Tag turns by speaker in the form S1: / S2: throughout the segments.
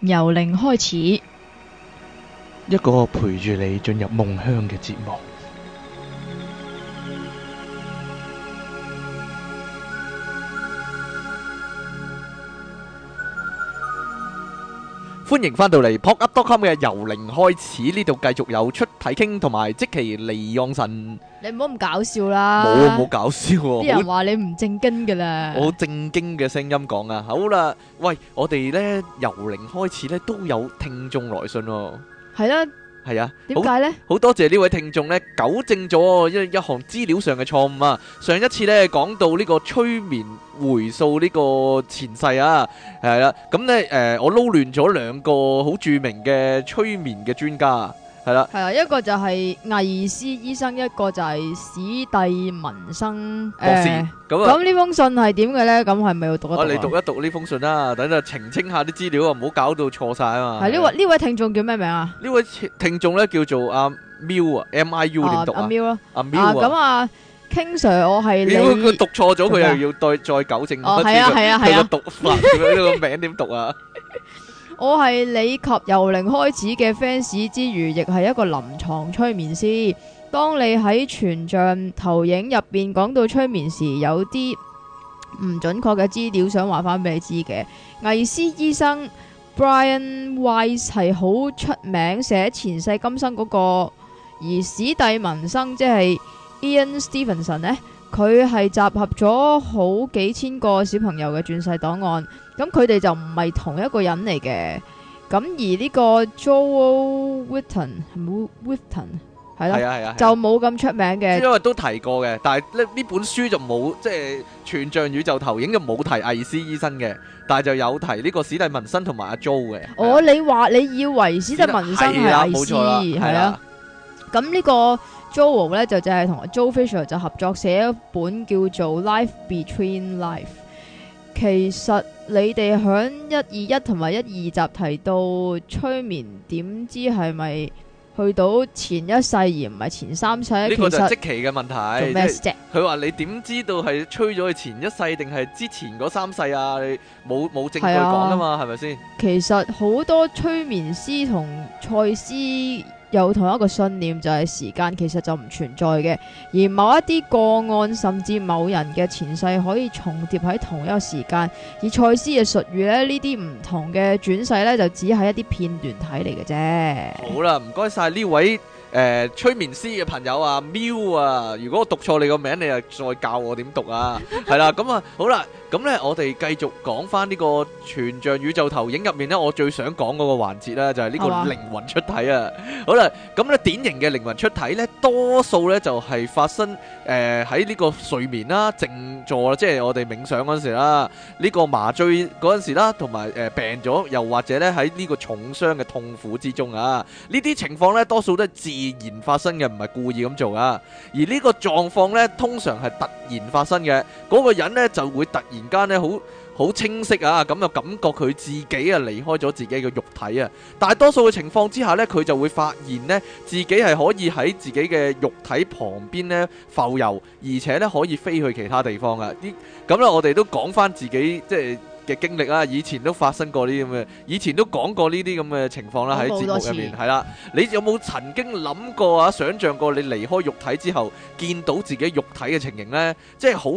S1: 由零開始，
S2: 一個陪住你進入夢鄉嘅節目。歡迎翻到嚟 pocket.com 嘅由零開始，呢度繼續有出體傾同埋即其利用神，
S1: 你唔好咁搞笑啦！冇冇
S2: 搞笑喎，啲人
S1: 話你唔正經噶啦，我好
S2: 正經嘅聲音講啊，好啦，喂，我哋咧由零開始咧都有聽眾來信哦，係啦。係啊，點解呢？好多謝呢位聽眾呢糾正咗一一項資料上嘅錯誤啊！上一次呢講到呢個催眠回溯呢個前世啊，係啦、 啊，咁呢，誒、呃，我撈亂咗兩個好著名嘅催眠嘅專家。係啦，
S1: 係啦，一個就係威爾斯醫生，一個就係史蒂文生博士。咁咁呢封信係點嘅咧？咁係咪要讀一讀？你讀
S2: 一讀呢封信啦，等陣澄清下啲資料啊，唔好搞到錯晒啊嘛。係呢位
S1: 呢位聽眾叫咩名啊？
S2: 呢位聽眾咧叫做阿 Miu 啊，M I U 點讀？阿 Miu 咯，阿 Miu 啊。咁啊
S1: ，King Sir，我係你。
S2: 佢讀錯咗，佢又要再再糾正。哦，係啊，係啊，係啊。佢又讀錯，呢個名點讀啊？
S1: 我係你及由零開始嘅 fans 之餘，亦係一個臨床催眠師。當你喺全像投影入邊講到催眠時，有啲唔準確嘅資料想話翻俾你知嘅。魏斯醫生 Brian Weiss 係好出名寫前世今生嗰、那個，而史蒂文生即係 Ian Stevenson 呢，佢係集合咗好幾千個小朋友嘅轉世檔案。咁佢哋就唔係同一個人嚟嘅，咁而呢個 Joel Whitton 係冇 Whitton，係啦，就冇咁出名嘅、啊。即係、
S2: 啊、都提過嘅，但係呢呢本書就冇，即係《全像宇宙投影》就冇提魏斯醫生嘅，但係就有提呢個史蒂文森同埋阿 Jo 嘅。哦、
S1: 啊啊，你話你以為史蒂文森係醫師，係啦、啊。咁、啊啊啊、呢個 Joel 咧就即係同 Joe Fisher 就合作寫一本叫做《Life Between Life》。其實你哋響一二一同埋一二集提到催眠，點知係咪去到前一世而唔係前三世？呢個就即奇
S2: 嘅問題。佢話你點知道係催咗佢前一世定係之前嗰三世啊？你冇冇證據講噶嘛？係咪先？是是
S1: 其實好多催眠師同賽師。有同一個信念，就係時間其實就唔存在嘅，而某一啲個案甚至某人嘅前世可以重疊喺同一個時間，而賽斯嘅術語呢呢啲唔同嘅轉世呢，就只係一啲片段體嚟嘅啫。
S2: 好啦，唔該晒呢位誒催眠師嘅朋友啊，喵啊，如果我讀錯你個名，你又再教我點讀啊？係啦，咁啊，好啦。咁咧，我哋繼續講翻呢個全像宇宙投影入面咧，我最想講個環節咧，就係呢個靈魂出體啊！好啦，咁咧典型嘅靈魂出體咧，多數咧就係發生誒喺呢個睡眠啦、靜坐啦，即係我哋冥想陣時啦，呢個麻醉陣時啦，同埋誒病咗，又或者咧喺呢個重傷嘅痛苦之中啊！呢啲情況咧，多數都係自然發生嘅，唔係故意咁做啊，而呢個狀況咧，通常係突然發生嘅，嗰個人咧就會突然。然間呢，好好清晰啊！咁啊，感覺佢自己啊離開咗自己嘅肉體啊。但多數嘅情況之下呢，佢就會發現呢，自己係可以喺自己嘅肉體旁邊呢浮游，而且呢可以飛去其他地方啊！啲咁啦，我哋都講翻自己即係嘅經歷啦。以前都發生過呢啲咁嘅，以前都講過呢啲咁嘅情況啦。喺節目入邊係啦，你有冇曾經諗過啊？想象過你離開肉體之後，見到自己肉體嘅情形呢？即係好。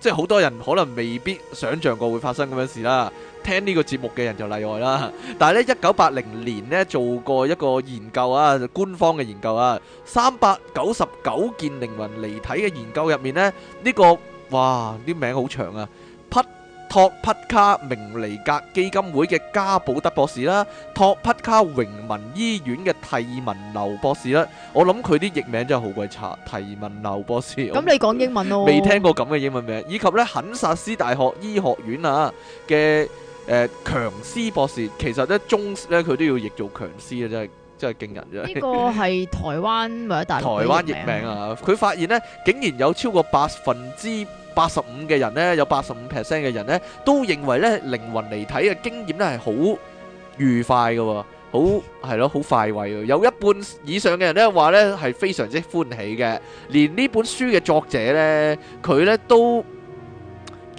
S2: 即係好多人可能未必想象過會發生咁樣事啦，聽呢個節目嘅人就例外啦。但係咧，一九八零年咧做過一個研究啊，官方嘅研究啊，三百九十九件靈魂離體嘅研究入面呢，呢、呢個哇啲名好長啊！托匹卡明尼格基金會嘅加寶德博士啦，托匹卡榮民醫院嘅提文劉博士啦，我諗佢啲譯名真係好鬼差，提文劉博士。咁你講
S1: 英文咯，未聽
S2: 過咁嘅英文名，以及咧肯薩斯大學醫學院啊嘅誒強斯博士，其實咧中咧佢都要譯做強斯啊，真係真係驚人。呢個係
S1: 台灣咪一大譯台灣譯名啊！
S2: 佢發現呢，竟然有超過百分之。八十五嘅人呢，有八十五 percent 嘅人呢，都認為呢靈魂離體嘅經驗呢係好愉快嘅，啊，好係咯，好快慰。有一半以上嘅人呢話呢係非常之歡喜嘅，連呢本書嘅作者呢，佢呢都。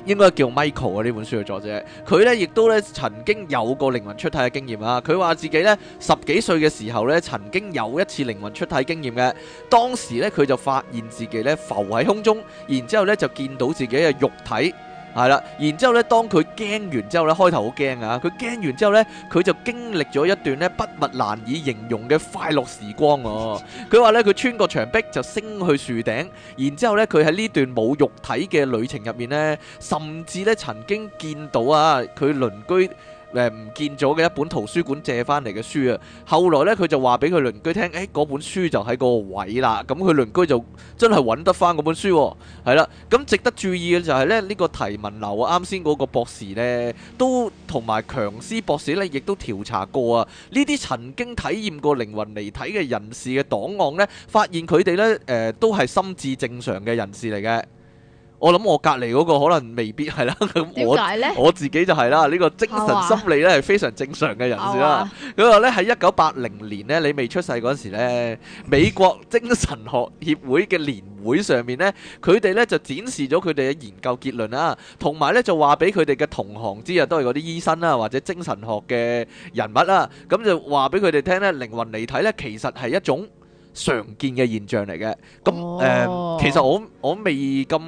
S2: 應該叫 Michael 啊！呢本書嘅作者，佢呢亦都呢曾經有過靈魂出體嘅經驗啊。佢話自己呢，十幾歲嘅時候呢曾經有一次靈魂出體經驗嘅，當時呢，佢就發現自己呢浮喺空中，然之後呢就見到自己嘅肉體。係啦，然之後咧，當佢驚完之後咧，開頭好驚啊！佢驚完之後咧，佢就經歷咗一段咧筆墨難以形容嘅快樂時光哦、啊。佢話咧，佢穿過牆壁就升去樹頂，然之後咧，佢喺呢段冇肉體嘅旅程入面咧，甚至咧曾經見到啊佢鄰居。誒，唔、呃、見咗嘅一本圖書館借翻嚟嘅書啊，後來呢佢就話俾佢鄰居聽，誒、哎、嗰本書就喺個位啦，咁佢鄰居就真係揾得翻嗰本書。哦，係啦，咁值得注意嘅就係呢呢、這個提問流啊，啱先嗰個博士呢，都同埋強斯博士呢，亦都調查過啊，呢啲曾經體驗過靈魂離體嘅人士嘅檔案呢，發現佢哋呢，誒、呃、都係心智正常嘅人士嚟嘅。我諗我隔籬嗰個可能未必係啦， 我我自己就係啦，呢、呢個精神心理咧係非常正常嘅人士啦。佢話咧喺一九八零年呢，你未出世嗰時呢，美國精神學協會嘅年會上面呢，佢哋呢就展示咗佢哋嘅研究結論啦、啊，同埋呢就話俾佢哋嘅同行知啊，都係嗰啲醫生啦或者精神學嘅人物啦、啊，咁就話俾佢哋聽呢靈魂離體呢其實係一種常見嘅現象嚟嘅。咁誒，呃哦、其實我我未咁。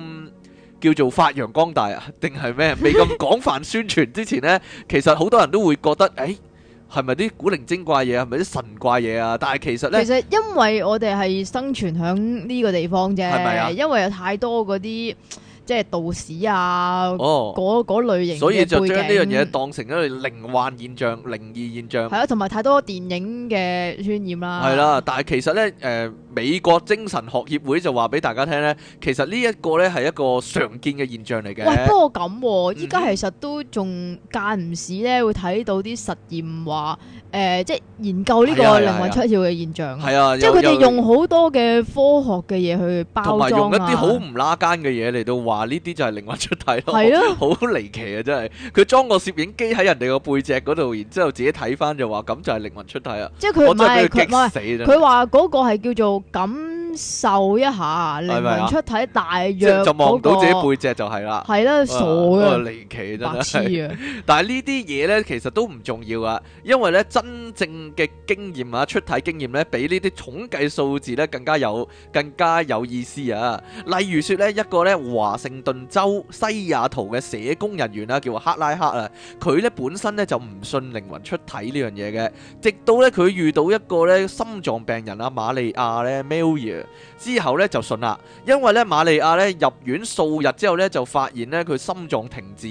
S2: 叫做發揚光大啊，定係咩？未咁廣泛宣傳之前呢，其實好多人都會覺得，誒、哎，係咪啲古靈精怪嘢？係咪啲神怪嘢啊？但係其實呢，其實
S1: 因為我哋係生存響呢個地方啫，係咪啊？因為有太多嗰啲即係道士啊，嗰嗰、oh, 類型，所以就將呢樣嘢
S2: 當成一個靈幻現象、靈異現象。係啊，
S1: 同埋太多電影嘅渲染啦。係啦，
S2: 但係其實呢。誒、呃。美國精神學協會就話俾大家聽咧，其實呢一個咧係一個常見嘅現象嚟嘅。喂，不過
S1: 咁、啊，依家、嗯、其實都仲間唔時咧會睇到啲實驗話，誒、呃，即係研究呢個靈魂出竅嘅現象。係啊，啊啊即係佢哋用好多嘅科學嘅嘢去包裝埋、啊、用一啲好唔
S2: 拉更嘅嘢嚟到話呢啲就係靈魂出體咯。係啊、哦，好離奇啊！真係，佢裝個攝影機喺人哋個背脊嗰度，然之後自己睇翻就話，咁就係靈魂出體啊！即係佢佢
S1: 話嗰個係叫做。咁。秀一下，靈魂出體大約嗰個，就望唔到自己背
S2: 脊就係啦。係啦，傻嘅，離奇真係白痴啊！但係呢啲嘢咧，其實都唔重要啊，因為咧真正嘅經驗啊，出體經驗咧，比呢啲統計數字咧更加有、更加有意思啊。例如説咧，一個咧華盛頓州西雅圖嘅社工人員啦，叫克拉克啊，佢咧本身咧就唔信靈魂出體呢樣嘢嘅，直到咧佢遇到一個咧心臟病人啊瑪麗亞咧 Melia。之後咧就信啦，因為咧瑪利亞咧入院數日之後咧就發現咧佢心臟停止，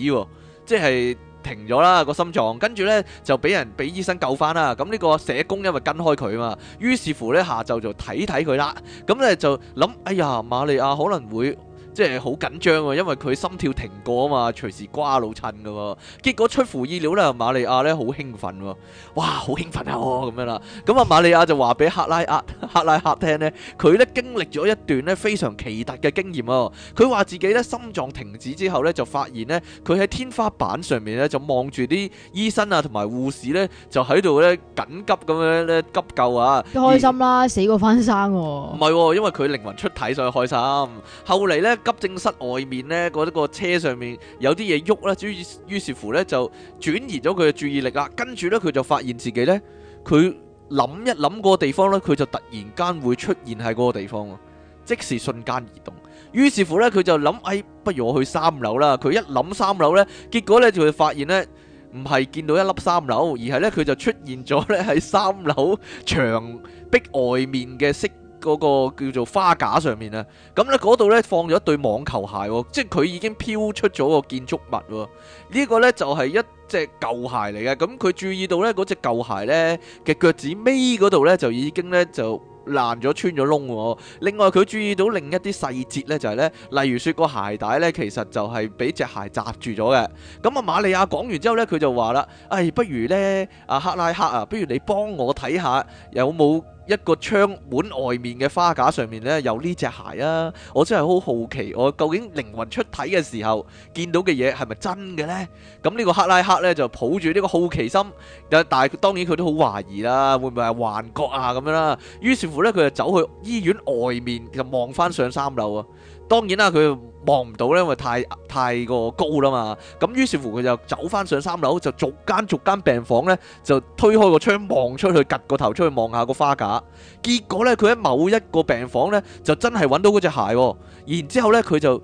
S2: 即係停咗啦個心臟，跟住咧就俾人俾醫生救翻啦。咁呢個社工因為跟開佢嘛，於是乎咧下晝就睇睇佢啦。咁咧就諗，哎呀，瑪利亞可能會。即係好緊張喎、哦，因為佢心跳停過啊嘛，隨時瓜佬襯噶喎。結果出乎意料啦，瑪麗亞咧好興奮喎、哦，哇，好興奮啊咁、哦、樣啦。咁、嗯、啊，瑪麗亞就話俾克拉克拉克聽咧，佢咧經歷咗一段咧非常奇特嘅經驗啊、哦。佢話自己咧心臟停止之後咧，就發現咧佢喺天花板上面咧就望住啲醫生啊同埋護士咧就喺度咧緊急咁樣咧急救啊。開
S1: 心啦，而死過翻生喎、啊。
S2: 唔係喎，因為佢靈魂出體所以開心。後嚟咧。急症室外面咧，嗰一個車上面有啲嘢喐啦，於是於是乎咧就轉移咗佢嘅注意力啊。跟住咧，佢就發現自己咧，佢諗一諗嗰個地方咧，佢就突然間會出現喺嗰個地方，即時瞬間移動。於是乎咧，佢就諗，哎，不如我去三樓啦。佢一諗三樓咧，結果咧就會發現咧，唔係見到一粒三樓，而係咧佢就出現咗咧喺三樓牆壁外面嘅色。嗰個叫做花架上面啊，咁咧嗰度咧放咗一對網球鞋喎，即係佢已經漂出咗個建築物喎。呢個咧就係一隻舊鞋嚟嘅，咁佢注意到咧嗰隻舊鞋咧嘅腳趾尾嗰度咧就已經咧就爛咗穿咗窿喎。另外佢注意到另一啲細節咧就係咧，例如説個鞋帶咧其實就係俾隻鞋紮住咗嘅。咁啊瑪利亞講完之後咧，佢就話啦，誒不如咧阿克拉克啊，不如你幫我睇下有冇？一個窗門外面嘅花架上面呢，有呢隻鞋啊！我真係好好奇，我究竟靈魂出體嘅時候見到嘅嘢係咪真嘅呢？咁呢個克拉克呢，就抱住呢個好奇心，但係當然佢都好懷疑啦，會唔會係幻覺啊咁樣啦？於是乎呢，佢就走去醫院外面就望翻上三樓啊！當然啦，佢望唔到咧，因為太太過高啦嘛。咁於是乎佢就走返上三樓，就逐間逐間病房咧，就推開個窗望出去，趷個頭出去望下個花架。結果咧，佢喺某一個病房咧，就真係搵到嗰隻鞋。然之後咧，佢就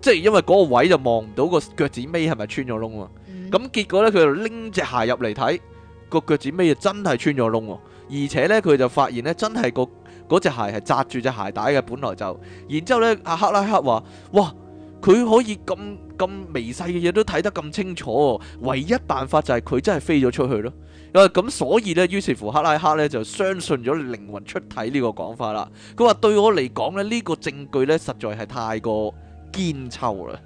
S2: 即係因為嗰個位就望唔到個腳趾尾係咪穿咗窿喎。咁、嗯、結果咧，佢就拎隻鞋入嚟睇，個腳趾尾就真係穿咗窿，而且咧佢就發現咧真係、嗰個。嗰隻鞋係紮住隻鞋帶嘅，本來就，然之後呢，阿克拉克話，哇，佢可以咁咁微細嘅嘢都睇得咁清楚，唯一辦法就係佢真係飛咗出去咯。咁所以呢，於是乎克拉克呢就相信咗靈魂出體呢個講法啦。佢話對我嚟講呢，呢、呢個證據呢，實在係太過堅湊啦。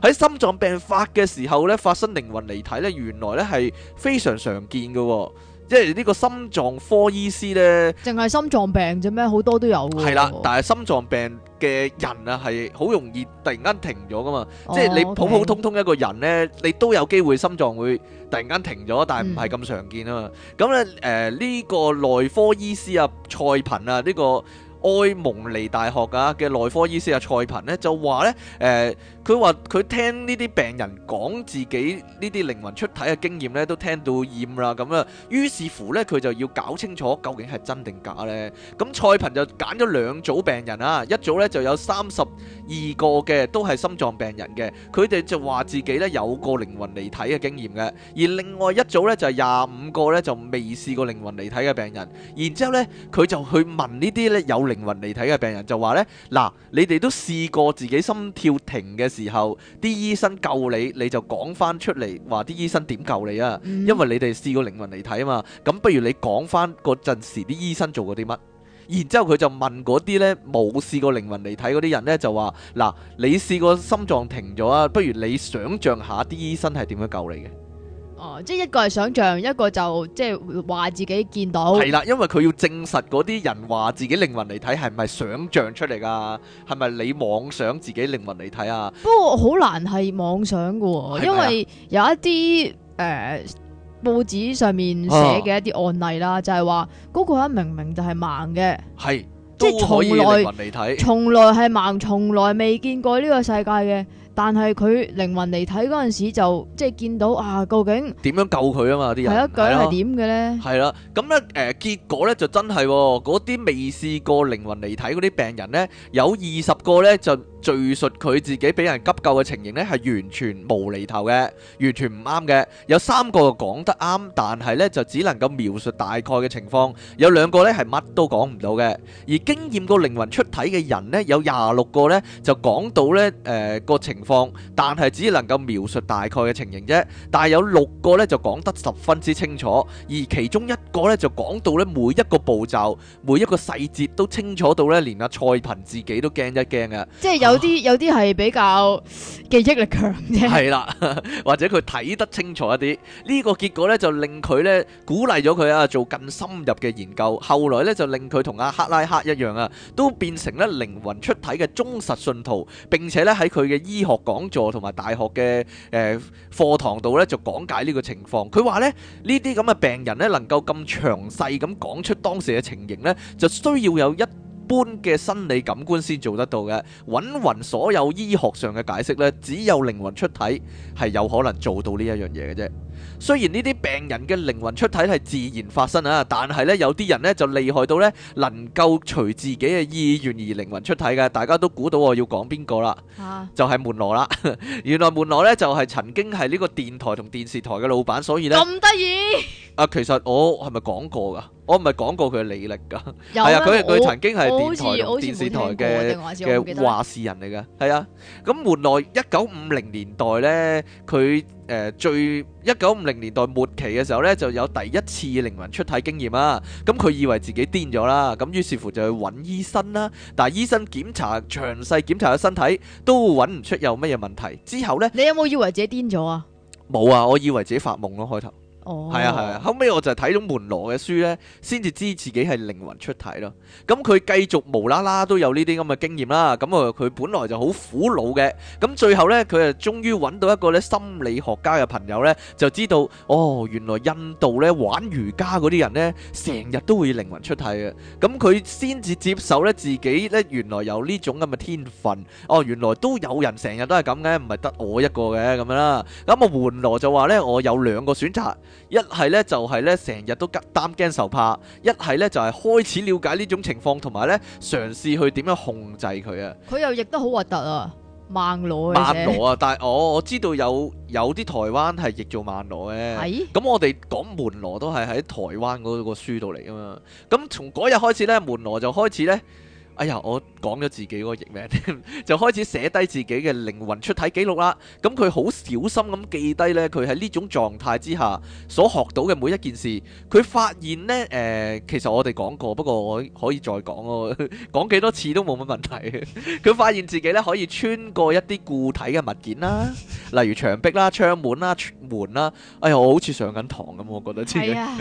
S2: 喺、嗯、心臟病發嘅時候呢，發生靈魂離體呢，原來呢係非常常見嘅、哦。即係呢個心臟科醫師咧，
S1: 淨係心臟病啫咩？好多都有喎。係啦，但係
S2: 心臟病嘅人啊，係好容易突然間停咗噶嘛。即係你普普通通一個人咧，你都有機會心臟會突然間停咗，但係唔係咁常見啊嘛。咁咧，誒呢個內科醫師啊，蔡頻啊，呢個埃蒙尼大學噶嘅內科醫師啊，蔡頻咧就話咧，誒。佢話：佢聽呢啲病人講自己呢啲靈魂出體嘅經驗咧，都聽到厭啦咁啦。於是乎咧，佢就要搞清楚究竟係真定假咧。咁蔡鵬就揀咗兩組病人啊，一組咧就有三十二個嘅，都係心臟病人嘅，佢哋就話自己咧有過靈魂離體嘅經驗嘅。而另外一組咧就係廿五個咧就未試過靈魂離體嘅病人。然之後咧，佢就去問呢啲咧有靈魂離體嘅病人，就話咧：嗱，你哋都試過自己心跳停嘅時候啲醫生救你，你就講翻出嚟，話啲醫生點救你啊？因為你哋試過靈魂離體啊嘛，咁不如你講翻嗰陣時啲醫生做過啲乜？然之後佢就問嗰啲呢，冇試過靈魂離體嗰啲人呢，就話嗱，你試過心臟停咗啊？不如你想象下啲醫生係點樣救你嘅？
S1: 哦、即係一個係想象，一個就即係話自己見到。係啦，因
S2: 為佢要證實嗰啲人話自己靈魂嚟睇係咪想象出嚟噶？係咪你妄想自己靈魂嚟睇啊？
S1: 不過好難係妄想噶，係咪因為有一啲誒、呃、報紙上面寫嘅一啲案例啦，啊、就係話嗰個人明明就係盲嘅，係即
S2: 係從來靈魂嚟睇，從
S1: 來係盲，從來未見過呢個世界嘅。但係佢靈魂離體嗰陣時就，就即係見到啊，究竟
S2: 點樣救佢啊？嘛嗰啲人係啊，佢係點嘅咧？係啦，咁咧誒，結果咧就真係喎，嗰啲未試過靈魂離體嗰啲病人咧，有二十個咧就。敍述佢自己俾人急救嘅情形呢，係完全無厘頭嘅，完全唔啱嘅。有三個講得啱，但係呢就只能夠描述大概嘅情況。有兩個呢係乜都講唔到嘅。而經驗過靈魂出體嘅人呢，有廿六個呢就講到呢誒個情況，但係只能夠描述大概嘅情形啫。但係有六個呢就講得十分之清楚，而其中一個呢就講到呢每一個步驟、每一個細節都清楚到呢，連阿蔡鵬自己都驚一驚嘅。
S1: 即係有。有啲有啲係比較記憶力強啫，係
S2: 啦，或者佢睇得清楚一啲，呢個結果咧就令佢咧鼓勵咗佢啊做更深入嘅研究，後來咧就令佢同阿克拉克一樣啊，都變成咧靈魂出體嘅忠實信徒，並且咧喺佢嘅醫學講座同埋大學嘅誒課堂度咧就講解呢個情況。佢話咧呢啲咁嘅病人咧能夠咁詳細咁講出當時嘅情形咧，就需要有一。般嘅心理感官先做得到嘅，揾勻所有醫學上嘅解釋咧，只有靈魂出體係有可能做到呢一樣嘢嘅啫。雖然呢啲病人嘅靈魂出體係自然發生啊，但係咧有啲人咧就厲害到咧能夠隨自己嘅意願而靈魂出體嘅，大家都估到我要講邊個啦，就係門羅啦。原來門羅咧就係曾經係呢個電台同電視台嘅老闆，所以咧咁得意啊。其實我係咪講過噶？我唔係講過佢嘅履歷㗎，係啊嗎，佢佢 曾經係電台電視台嘅嘅話事人嚟㗎，係啊嗎，咁換來一九五零年代呢，佢誒最一九五零年代末期嘅時候呢，就有第一次靈魂出體經驗啊，咁佢以為自己癲咗啦，咁於是乎就去揾醫生啦，但係醫生檢查詳細檢查個身體都揾唔出有乜嘢問題，之後呢，
S1: 你有冇以為自己癲咗啊？
S2: 冇啊，我以為自己發夢咯開頭。係、哦、啊係啊，後尾我就睇到門羅嘅書呢先至知自己係靈魂出體咯。咁佢繼續無啦啦都有呢啲咁嘅經驗啦。咁啊，佢本來就好苦惱嘅。咁最後呢，佢啊終於揾到一個咧心理學家嘅朋友呢，就知道哦，原來印度呢玩瑜伽嗰啲人呢成日都會靈魂出體嘅。咁佢先至接受呢自己呢原來有呢種咁嘅天分。哦，原來都有人成日都係咁嘅，唔係得我一個嘅咁樣啦。咁啊，門羅就話呢，我有兩個選擇。一係咧就係咧成日都擔驚受怕，一係咧就係開始了解呢種情況，同埋咧嘗試去點樣控制佢啊！
S1: 佢又譯得好核突啊，曼羅或曼羅啊，
S2: 但係我、哦、我知道有有啲台灣係譯做曼羅嘅，咁係我哋講門羅都係喺台灣嗰個書度嚟㗎嘛。咁從嗰日開始咧，門羅就開始咧。哎呀！我講咗自己嗰個譯名， 就開始寫低自己嘅靈魂出體記錄啦。咁佢好小心咁記低呢，佢喺呢種狀態之下所學到嘅每一件事，佢發現呢，誒、呃，其實我哋講過，不過我可以再講咯，講幾多次都冇乜問題。佢 發現自己呢，可以穿過一啲固體嘅物件啦， 例如牆壁啦、窗門啦、門啦。哎呀，我好似上緊堂咁，我覺得自己。佢、啊、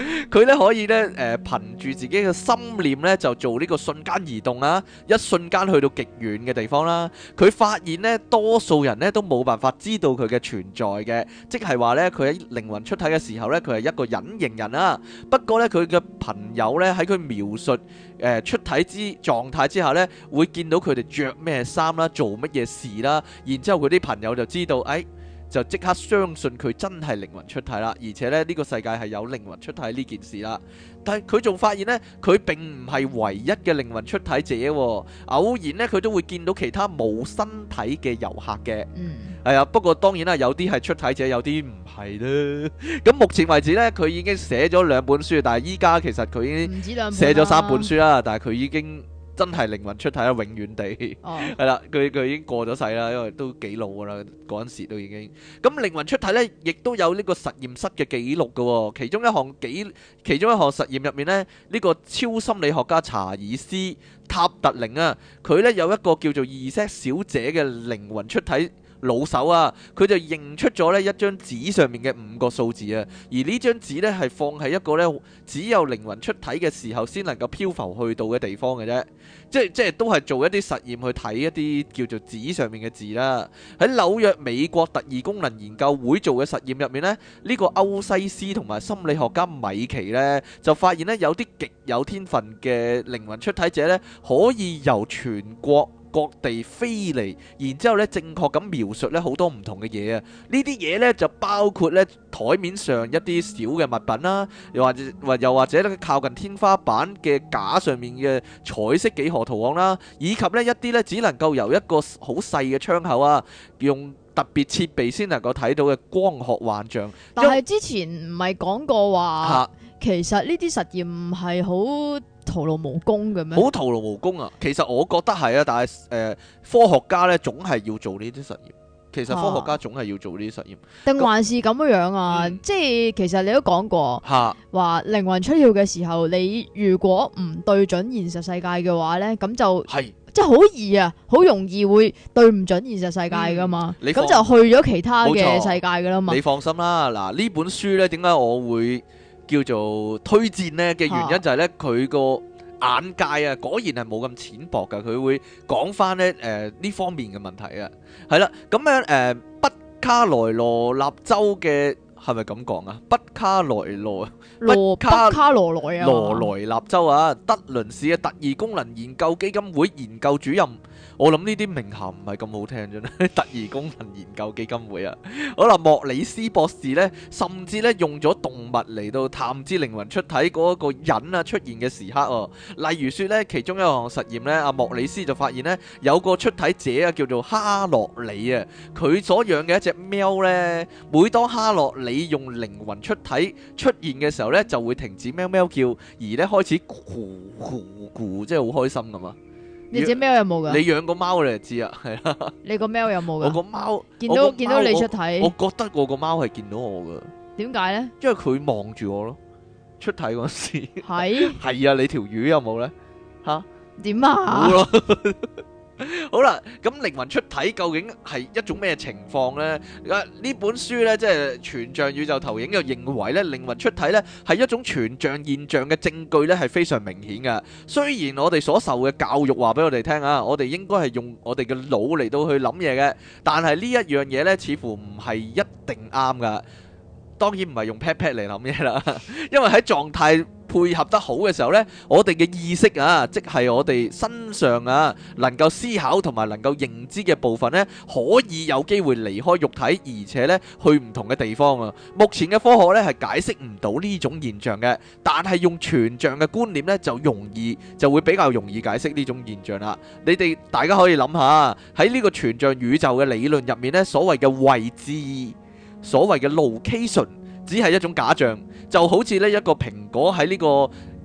S2: 呢，可以呢，誒、呃，憑住自己嘅心念呢，就做呢個瞬間移動啦。一瞬間去到極遠嘅地方啦，佢發現呢，多數人呢都冇辦法知道佢嘅存在嘅，即係話呢，佢喺靈魂出體嘅時候呢，佢係一個隱形人啦。不過呢，佢嘅朋友呢，喺佢描述誒出體之狀態之下呢，會見到佢哋着咩衫啦，做乜嘢事啦，然之後佢啲朋友就知道誒。哎就即刻相信佢真係靈魂出體啦，而且咧，呢個世界係有靈魂出體呢件事啦。但係佢仲發現呢，佢並唔係唯一嘅靈魂出體者喎，偶然呢，佢都會見到其他冇身體嘅遊客嘅。嗯，係啊。不過當然啦，有啲係出體者，有啲唔係啦。咁 目前為止呢，佢已經寫咗兩本書，但係依家其實佢已經寫咗三本書啦。但係佢已經。真係靈魂出體啊，永遠地，係啦，oh. 佢佢已經過咗世啦，因為都幾老㗎啦，嗰陣時都已經。咁靈魂出體呢，亦都有呢個實驗室嘅記錄嘅，哦，其中一項幾，其中一項實驗入面呢，呢、呢個超心理學家查爾斯塔特靈啊，佢呢有一個叫做二色小姐嘅靈魂出體。老手啊，佢就認出咗呢一張紙上面嘅五個數字啊，而呢張紙咧係放喺一個咧只有靈魂出體嘅時候先能夠漂浮去到嘅地方嘅啫，即係即係都係做一啲實驗去睇一啲叫做紙上面嘅字啦。喺紐約美國特異功能研究會做嘅實驗入面咧，呢個歐西斯同埋心理學家米奇咧就發現咧有啲極有天分嘅靈魂出體者咧可以由全國。各地飛嚟，然之後咧正確咁描述咧好多唔同嘅嘢啊！呢啲嘢咧就包括咧台面上一啲小嘅物品啦，又或者或又或者靠近天花板嘅架上面嘅彩色幾何圖案啦，以及呢一啲咧只能夠由一個好細嘅窗口啊，用特別設備先能夠睇到嘅光學幻象。但
S1: 係之前唔係講過話，其實呢啲實驗唔係好徒勞無功嘅咩？好徒
S2: 勞無功啊！其實我覺得係啊，但係誒、呃，科學家咧總係要做呢啲實驗。其實科學家總係要做呢啲實驗，
S1: 定、啊、那還是咁樣樣啊？嗯、即係其實你都講過，話靈、啊、魂出竅嘅時候，你如果唔對準現實世界嘅話咧，咁就係是即係好易啊，好容易會對唔準現實世界噶嘛。咁、嗯、就去咗其他嘅世界噶啦嘛。你
S2: 放心啦，嗱呢本書咧，點解我會？叫做推薦呢嘅原因就係呢，佢個眼界啊，果然係冇咁淺薄㗎，佢會講返呢誒呢方面嘅問題啊。係啦，咁樣誒北卡羅來納州嘅係咪咁講啊？北卡來羅？
S1: 北卡羅來？羅
S2: 來納州啊，德倫市嘅特異功能研究基金會研究主任。我諗呢啲名銜唔係咁好聽啫，特異功能研究基金會啊，好啦，莫里斯博士咧，甚至咧用咗動物嚟到探知靈魂出體嗰一個人啊出現嘅時刻哦。例如說咧，其中一項實驗咧，阿莫里斯就發現咧，有個出體者啊叫做哈洛里啊，佢所養嘅一隻貓咧，每當哈洛里用靈魂出體出現嘅時候咧，就會停止喵喵叫，而咧開始咕咕咕，即係好開心咁啊。
S1: 你隻喵有冇噶？你養
S2: 過貓你就知啊，係 啦。
S1: 你個喵有冇噶？我個貓見到貓見到你出體，我
S2: 覺得我個貓係見到我噶。點解咧？因為佢望住我咯，出體嗰時。係 係是 啊！你條魚有冇咧？吓？點啊？ 好啦，咁靈魂出體究竟係一種咩情況咧？呢本書咧，即係全像宇宙投影就認為咧，靈魂出體咧係一種全像現象嘅證據咧，係非常明顯嘅。雖然我哋所受嘅教育話俾我哋聽啊，我哋應該係用我哋嘅腦嚟到去諗嘢嘅，但係呢一樣嘢咧，似乎唔係一定啱噶。當然唔係用 pat pat 嚟諗嘢啦，因為喺狀態。配合得好嘅時候呢，我哋嘅意識啊，即係我哋身上啊，能夠思考同埋能夠認知嘅部分呢，可以有機會離開肉體，而且呢，去唔同嘅地方啊。目前嘅科學呢，係解釋唔到呢種現象嘅，但係用全像嘅觀念呢，就容易，就會比較容易解釋呢種現象啦。你哋大家可以諗下喺呢個全像宇宙嘅理論入面呢，所謂嘅位置，所謂嘅 location。只係一種假象，就好似咧一個蘋果喺呢個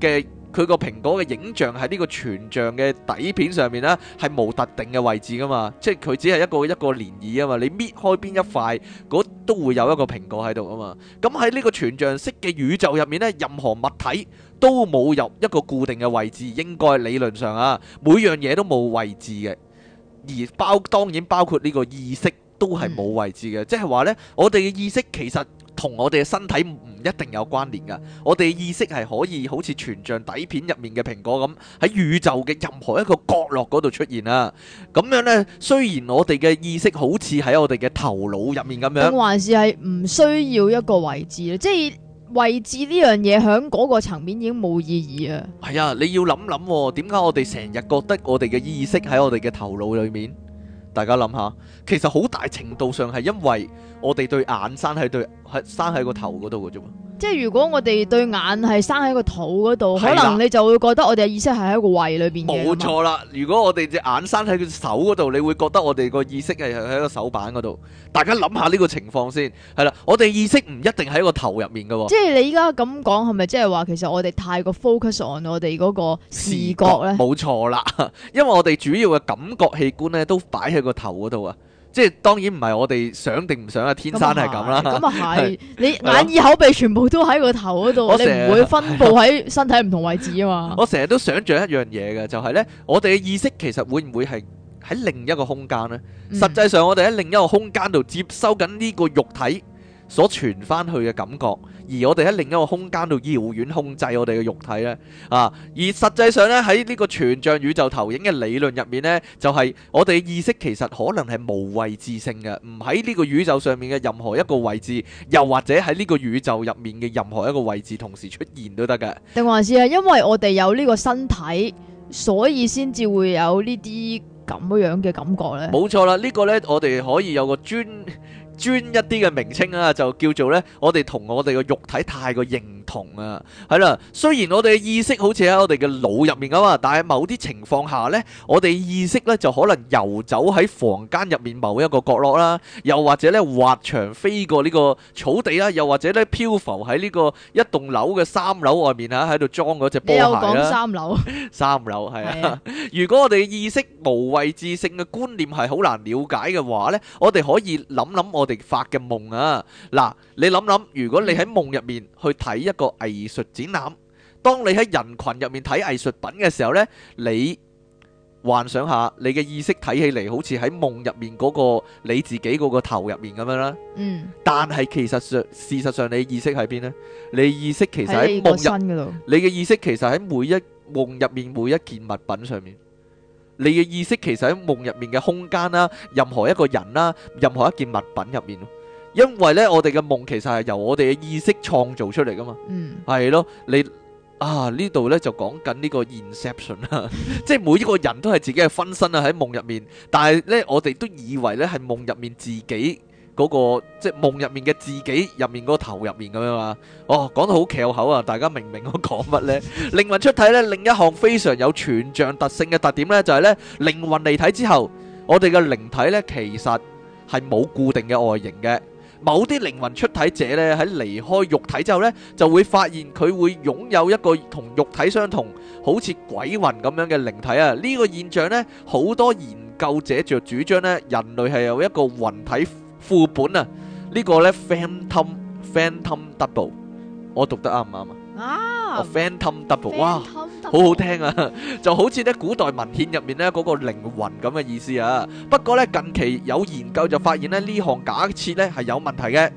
S2: 嘅，佢個蘋果嘅影像喺呢個全像嘅底片上面呢，係冇特定嘅位置㗎嘛。即係佢只係一個一個漣漪啊嘛。你搣開邊一塊，嗰都會有一個蘋果喺度啊嘛。咁喺呢個全像式嘅宇宙入面呢，任何物體都冇入一個固定嘅位置，應該理論上啊，每樣嘢都冇位置嘅，而包當然包括呢個意識都係冇位置嘅。即係話呢，我哋嘅意識其實。同我哋嘅身體唔一定有關聯噶，我哋意識係可以好似全像底片入面嘅蘋果咁，喺宇宙嘅任何一個角落嗰度出現啦、啊。咁樣呢，雖然我哋嘅意識好似喺我哋嘅頭腦入面咁樣，定
S1: 還是係唔需要一個位置咧？即係位置呢樣嘢喺嗰個層面已經冇意義啊。
S2: 係、哎、呀，你要諗諗點解我哋成日覺得我哋嘅意識喺我哋嘅頭腦裏面？大家諗下，其實好大程度上係因為我哋對眼生喺對喺生喺個頭嗰度嘅啫。
S1: 即係如果我哋對眼係生喺個肚嗰度，可能你就會覺得我哋嘅意識係喺個胃裏邊嘅。冇錯啦，
S2: 如果我哋隻眼生喺佢手嗰度，你會覺得我哋個意識係喺個手板嗰度。大家諗下呢個情況先，係啦，我哋意識唔一定喺個頭入面噶。即係
S1: 你依家咁講，係咪即係話其實我哋太過 focus on 我哋嗰個視覺呢？
S2: 冇錯啦，因為我哋主要嘅感覺器官呢，都擺喺個頭嗰度啊。即係當然唔係我哋想定唔想啊，天生係咁啦。咁啊係，
S1: 嗯、是你眼耳 口鼻全部都喺個頭嗰度，我哋唔會分布喺身體唔同位置啊嘛、 就是。
S2: 我成日都想象一樣嘢嘅，就係咧，我哋嘅意識其實會唔會係喺另一個空間咧？嗯、實際上我哋喺另一個空間度接收緊呢個肉體所傳翻去嘅感覺，而我哋喺另一個空間度遙遠控制我哋嘅肉體呢，啊！而實際上呢，喺呢個全像宇宙投影嘅理論入面呢，就係、是、我哋意識其實可能係無位置性嘅，唔喺呢個宇宙上面嘅任何一個位置，又或者喺呢個宇宙入面嘅任何一個位置同時出現都得嘅。
S1: 定還是啊？因為我哋有呢個身體，所以先至會有呢啲咁樣嘅感覺呢。冇
S2: 錯啦，呢、這個呢，我哋可以有個專。專一啲嘅名稱啊，就叫做呢。我哋同我哋嘅肉體太過認同啊，係啦。雖然我哋嘅意識好似喺我哋嘅腦入面咁啊，但係某啲情況下呢，我哋意識呢，就可能遊走喺房間入面某一個角落啦，又或者呢，滑翔飛過呢個草地啦，又或者呢，漂浮喺呢個一棟樓嘅三樓外面啊，喺度裝嗰隻波鞋，你又講三樓？ 三樓係啊。的如果我哋嘅意識無位置性嘅觀念係好難了解嘅話呢，我哋可以諗諗我發嘅夢啊！嗱，你諗諗，如果你喺夢入面去睇一個藝術展覽，當你喺人群入面睇藝術品嘅時候呢，你幻想下你嘅意識睇起嚟好似喺夢入面嗰個你自己嗰個頭入面咁樣啦。嗯。但係其實上事實上，你意識喺邊呢？你意識其實喺夢入面。你嘅意識其實喺每一夢入面每一件物品上面。你嘅意識其實喺夢入面嘅空間啦，任何一個人啦，任何一件物品入面咯。因為呢，我哋嘅夢其實係由我哋嘅意識創造出嚟㗎嘛。嗯，係咯，你啊呢度呢就講緊呢個 inception 啊，即係每一個人都係自己嘅分身啊喺夢入面，但係呢我哋都以為呢係夢入面自己。嗰個即係夢入面嘅自己入面嗰個頭入面咁樣啊！哦，講得好翹口啊！大家明唔明我講乜咧？靈魂出體咧，另一項非常有全像特性嘅特點咧，就係咧靈魂離體之後，我哋嘅靈體咧其實係冇固定嘅外形嘅。某啲靈魂出體者咧喺離開肉體之後咧，就會發現佢會擁有一個同肉體相同，好似鬼魂咁樣嘅靈體啊。呢個現象咧，好多研究者就主張咧，人類係有一個魂體。副本啊，呢個咧 Phantom Phantom Double，我讀得啱唔啱啊？啊！Phantom Double，哇，好好聽啊！就好似咧古代文獻入面咧嗰個靈魂咁嘅意思啊。不過咧，近期有研究就發現咧，呢項假設咧係有問題嘅。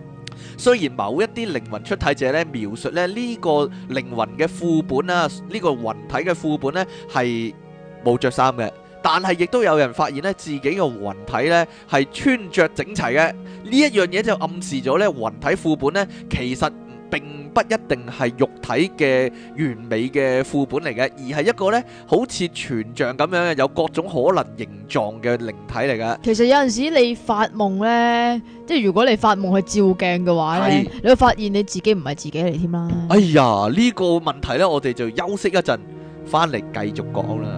S2: 雖然某一啲靈魂出體者咧描述咧，呢個靈魂嘅副本啊，呢個魂體嘅副本咧係冇著衫嘅。但係亦都有人發現咧，自己個魂體咧係穿着整齊嘅，呢一樣嘢就暗示咗咧，魂體副本咧其實並不一定係肉體嘅完美嘅副本嚟嘅，而係一個咧好似全像咁樣嘅有各種可能形狀嘅靈體嚟嘅。
S1: 其實有陣時你發夢咧，即係如果你發夢去照鏡嘅話是你會發現你自己唔係自己嚟添啦。
S2: 哎呀，呢、呢個問題咧，我哋就休息一陣，翻嚟繼續講啦。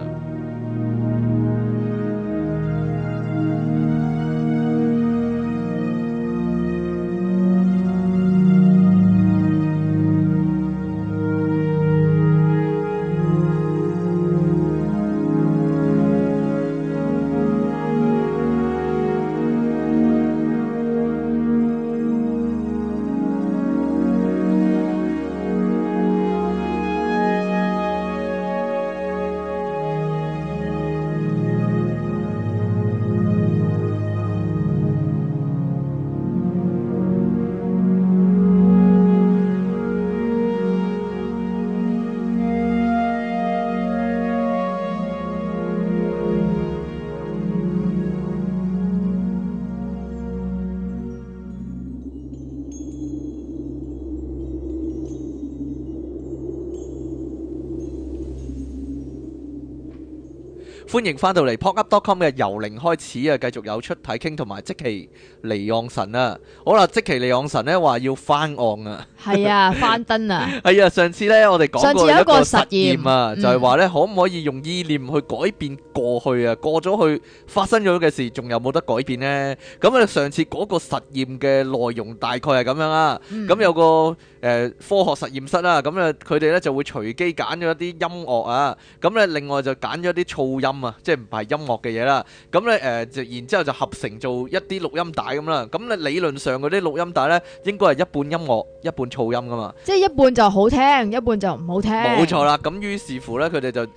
S2: 歡迎翻到嚟 Pockup.com 嘅由零開始啊，繼續有出體傾同埋即其離岸神啊。好啦，即其離岸神咧話要翻岸啊，
S1: 係啊翻燈啊，
S2: 係啊。上次咧我哋講過有一個實驗啊，就係話咧可唔可以用意念去改變過去啊？過咗去發生咗嘅事，仲有冇得改變呢？咁啊，上次嗰個實驗嘅內容大概係咁樣啊。咁有個。誒科學實驗室啦，咁咧佢哋咧就會隨機揀咗一啲音樂啊，咁咧另外就揀咗啲噪音啊，即係唔係音樂嘅嘢啦，咁咧誒，就然之後就合成做一啲錄音帶咁啦，咁咧理論上嗰啲錄音帶咧應該係一半音樂一半噪音噶嘛，
S1: 即係一半就好聽，一半就唔好聽。冇錯
S2: 啦，咁於是乎咧，佢哋就誒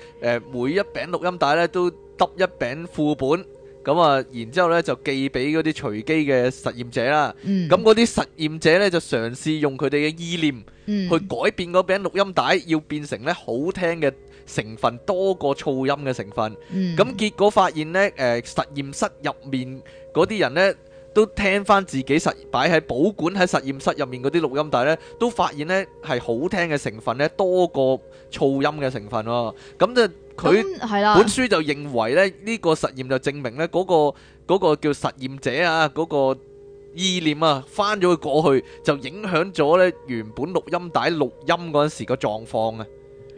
S2: 每一餅錄音帶咧都揼一餅副本。咁啊，然之後咧就寄俾嗰啲隨機嘅實驗者啦。咁嗰啲實驗者咧就嘗試用佢哋嘅意念去改變嗰柄錄音帶，嗯、要變成咧好聽嘅成分多過噪音嘅成分。咁、嗯、結果發現咧，誒實驗室入面嗰啲人咧都聽翻自己實擺喺保管喺實驗室入面嗰啲錄音帶咧，都發現咧係好聽嘅成分咧多過噪音嘅成分咯。咁就～佢係啦，本書就認為咧，呢個實驗就證明咧，嗰個嗰個叫實驗者啊，嗰個意念啊，翻咗去過去就影響咗咧原本錄音帶錄音嗰陣時個狀況啊。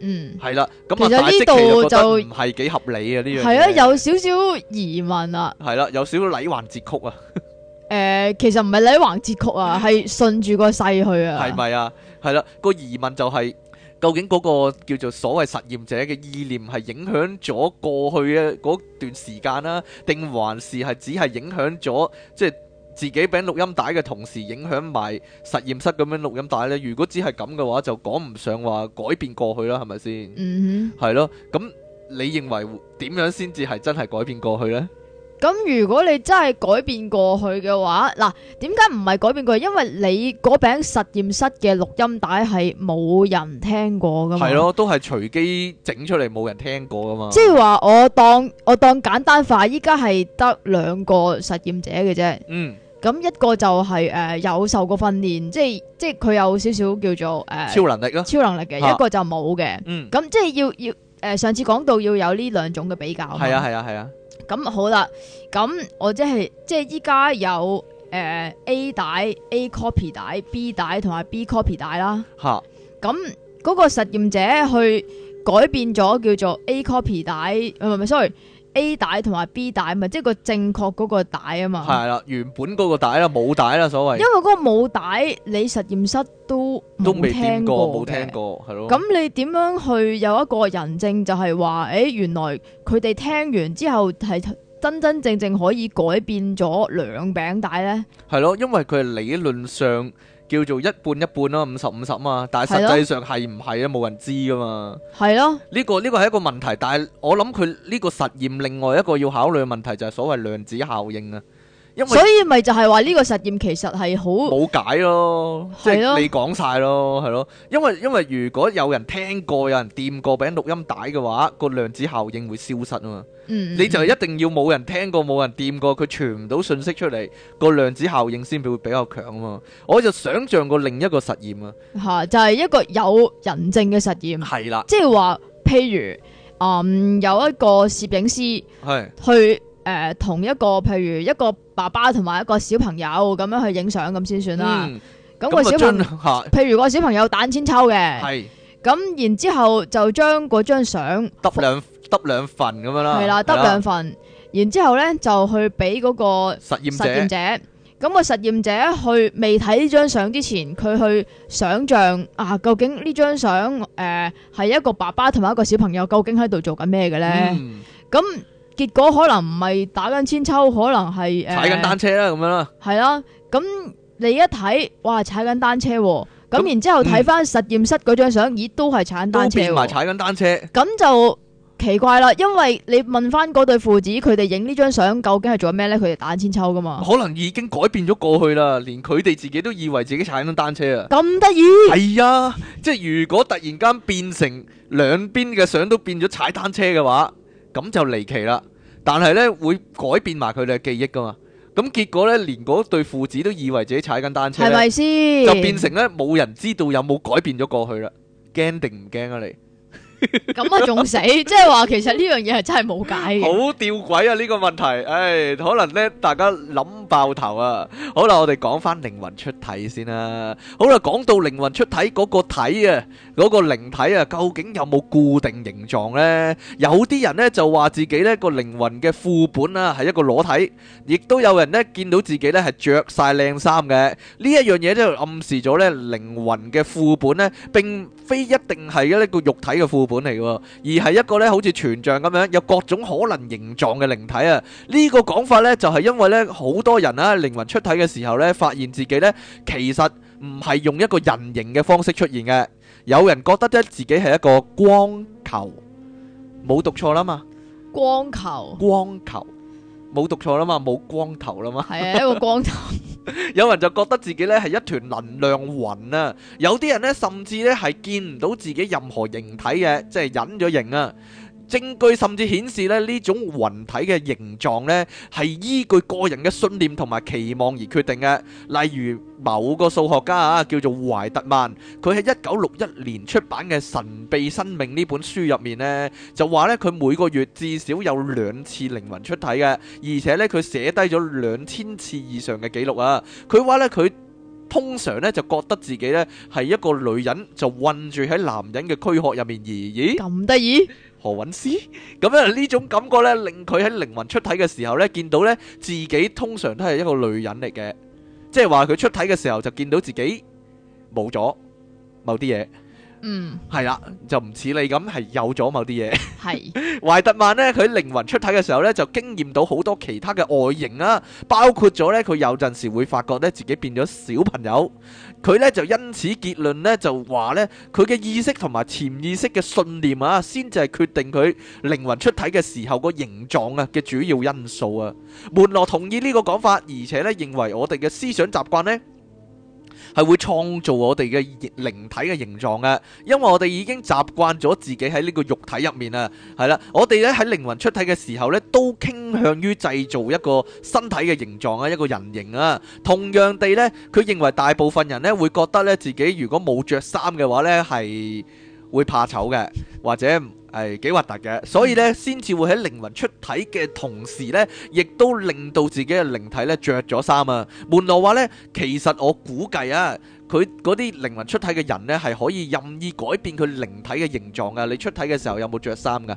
S2: 嗯，係啦，咁啊，其實呢度就唔係幾合理啊，呢樣嘢係啊，有
S1: 少少疑問啊。
S2: 係啦，有少少禮環節曲啊。
S1: 誒，其實唔係禮環節曲啊，係順住個勢去啊。係
S2: 咪啊？係啦，個疑問就係。究竟嗰個叫做所謂實驗者嘅意念係影響咗過去嘅嗰段時間啦，啊，定還是係只係影響咗即係自己畀錄音帶嘅同時影響埋實驗室咁樣錄音帶呢？如果只係咁嘅話，就講唔上話改變過去啦，係咪先？嗯哼、mm，係、hmm. 咯。咁你認為點樣先至係真係改變過去呢？
S1: 咁如果你真係改變過去嘅話，嗱，點解唔係改變過去？因為你嗰餅實驗室嘅錄音帶係冇人聽過噶嘛？係咯、啊，
S2: 都係隨機整出嚟冇人聽過噶嘛？即係話
S1: 我當我當簡單化，依家係得兩個實驗者嘅啫。嗯，咁一個就係、是、誒、呃、有受過訓練，即係即係佢有少少叫做誒、呃、超能力咯、啊，超能力嘅一個就冇嘅、啊。嗯，咁即係要要誒、呃、上次講到要有呢兩種嘅比較。係啊係啊係啊。咁好啦，咁我即係即係依家有誒、呃、A 帶、A copy 帶、B 帶同埋 B copy 帶啦。嚇，咁嗰個實驗者去改變咗叫做 A copy 帶，唔唔唔，sorry。A 帶同埋 B 帶咪即係個正確嗰個帶啊嘛。係
S2: 啦，原本嗰個帶啦，冇帶啦所謂，因
S1: 為嗰個冇帶你實驗室都都未聽過冇聽過，係咯，咁你點樣去有一個人證就係話，誒、欸、原來佢哋聽完之後係真真正正可以改變咗兩餅帶咧？
S2: 係咯，因為佢係理論上。叫做一半一半啦，五十五十嘛，但係實際上係唔係啊？冇人知噶嘛。係咯的，呢個呢個係一個問題，但係我諗佢呢個實驗，另外一個要考慮嘅問題就係所謂量子效應啊。因為所
S1: 以咪就係話呢個實驗其實係好冇
S2: 解咯，是啊、即係你講晒咯，係咯、啊。因為因為如果有人聽過，有人掂過，俾錄音帶嘅話，個量子效應會消失啊嘛。嗯，你就一定要冇人聽過，冇人掂過，佢傳唔到信息出嚟，個量子效應先會比較強啊嘛。我就想象過另一個實驗啊，
S1: 吓就係、是、一個有人證嘅實驗，係啦是、啊，即係話譬如，嗯，有一個攝影師係去。誒、呃，同一個譬如一個爸爸同埋一個小朋友咁樣去影相咁先算啦。
S2: 咁、嗯、個小朋友， 譬
S1: 如個小朋友彈千秋嘅。係是。咁然之後就將嗰張相得兩
S2: 揼兩份咁樣啦。係啦，揼兩份。
S1: 啦然之後咧就去俾嗰個實驗實驗者。咁個實，實驗者去未睇呢張相之前，佢去想象啊，究竟呢張相誒係一個爸爸同埋一個小朋友，究竟喺度做緊咩嘅咧？咁、嗯。嗯結果可能唔係打緊千秋，可能係踩緊單車
S2: 啦咁樣啦、
S1: 啊。係啦，咁你一睇，哇，踩緊單車，咁然之後睇翻實驗室嗰張相，亦都係踩單車，變埋踩
S2: 緊單車。
S1: 咁就奇怪啦，因為你問翻嗰對父子，佢哋影呢張相究竟係做咩呢？佢哋打緊千秋噶嘛？可
S2: 能已經改變咗過去啦，連佢哋自己都以為自己踩緊單車啊！咁得意係呀！即係如果突然間變成兩邊嘅相都變咗踩單車嘅話。咁就離奇啦，但係呢會改變埋佢哋嘅記憶㗎嘛？咁結果呢，連嗰對父子都以為自己踩緊單車，係咪先？就變成呢冇人知道有冇改變咗過去啦？驚定唔驚啊？你？
S1: 咁啊，仲死！即係話，其實呢樣嘢係真係冇解嘅。好
S2: 吊詭啊！呢個問題，誒，可能咧，大家諗爆頭啊！好啦，我哋講翻靈魂出體先啦。好啦，講到靈魂出體嗰個體啊，嗰個靈體啊，究竟有冇固定形狀咧？有啲人咧就話自己咧個靈魂嘅副本啊係一個裸體，亦都有人咧見到自己咧係着晒靚衫嘅。呢一樣嘢咧就暗示咗咧靈魂嘅副本咧，並非一定係一個肉體嘅副本。本嚟而係一個咧，好似全像咁樣，有各種可能形狀嘅靈體啊！呢、這個講法呢，就係因為呢好多人啦，靈魂出體嘅時候呢，發現自己呢其實唔係用一個人形嘅方式出現嘅。有人覺得咧，自己係一個光球，冇讀錯啦嘛？
S1: 光球？光
S2: 球？冇讀錯啦嘛？冇光頭啦嘛？係啊，一個
S1: 光頭。
S2: 有人就覺得自己呢係一團能量雲啊，有啲人呢甚至呢係見唔到自己任何形體嘅，即係隱咗形啊。證據甚至顯示咧，呢種魂體嘅形狀呢，係依據個人嘅信念同埋期望而決定嘅。例如某個數學家啊，叫做懷特曼，佢喺一九六一年出版嘅《神秘生命》呢本書入面呢，就話呢，佢每個月至少有兩次靈魂出體嘅，而且呢，佢寫低咗兩千次以上嘅記錄啊。佢話呢，佢。通常呢就覺得自己呢係一個女人，就困住喺男人嘅軀殼入面而，咦，咁得意，何韻詩咁樣，呢種感覺呢，令佢喺靈魂出體嘅時候呢，見到呢，自己通常都係一個女人嚟嘅。即係話佢出體嘅時候就見到自己冇咗某啲嘢。嗯，係啦，就唔似你咁係有咗某啲嘢。係。懷特曼呢，佢靈魂出體嘅時候呢，就經驗到好多其他嘅外形啊，包括咗呢，佢有陣時會發覺呢自己變咗小朋友。佢呢就因此結論呢就話呢，佢嘅意識同埋潛意識嘅信念啊，先至係決定佢靈魂出體嘅時候個形狀啊嘅主要因素啊。門羅同意呢個講法，而且呢認為我哋嘅思想習慣呢。係會創造我哋嘅靈體嘅形狀嘅，因為我哋已經習慣咗自己喺呢個肉體入面啊。係啦，我哋咧喺靈魂出體嘅時候咧，都傾向於製造一個身體嘅形狀啊，一個人形啊。同樣地呢，佢認為大部分人呢，會覺得呢，自己如果冇着衫嘅話呢，係會怕醜嘅，或者。係幾核突嘅，所以咧先至會喺靈魂出體嘅同時咧，亦都令到自己嘅靈體咧着咗衫啊！門諾門羅話咧，其實我估計啊，佢嗰啲靈魂出體嘅人咧，係可以任意改變佢靈體嘅形狀噶。你出體嘅時候有冇着衫噶？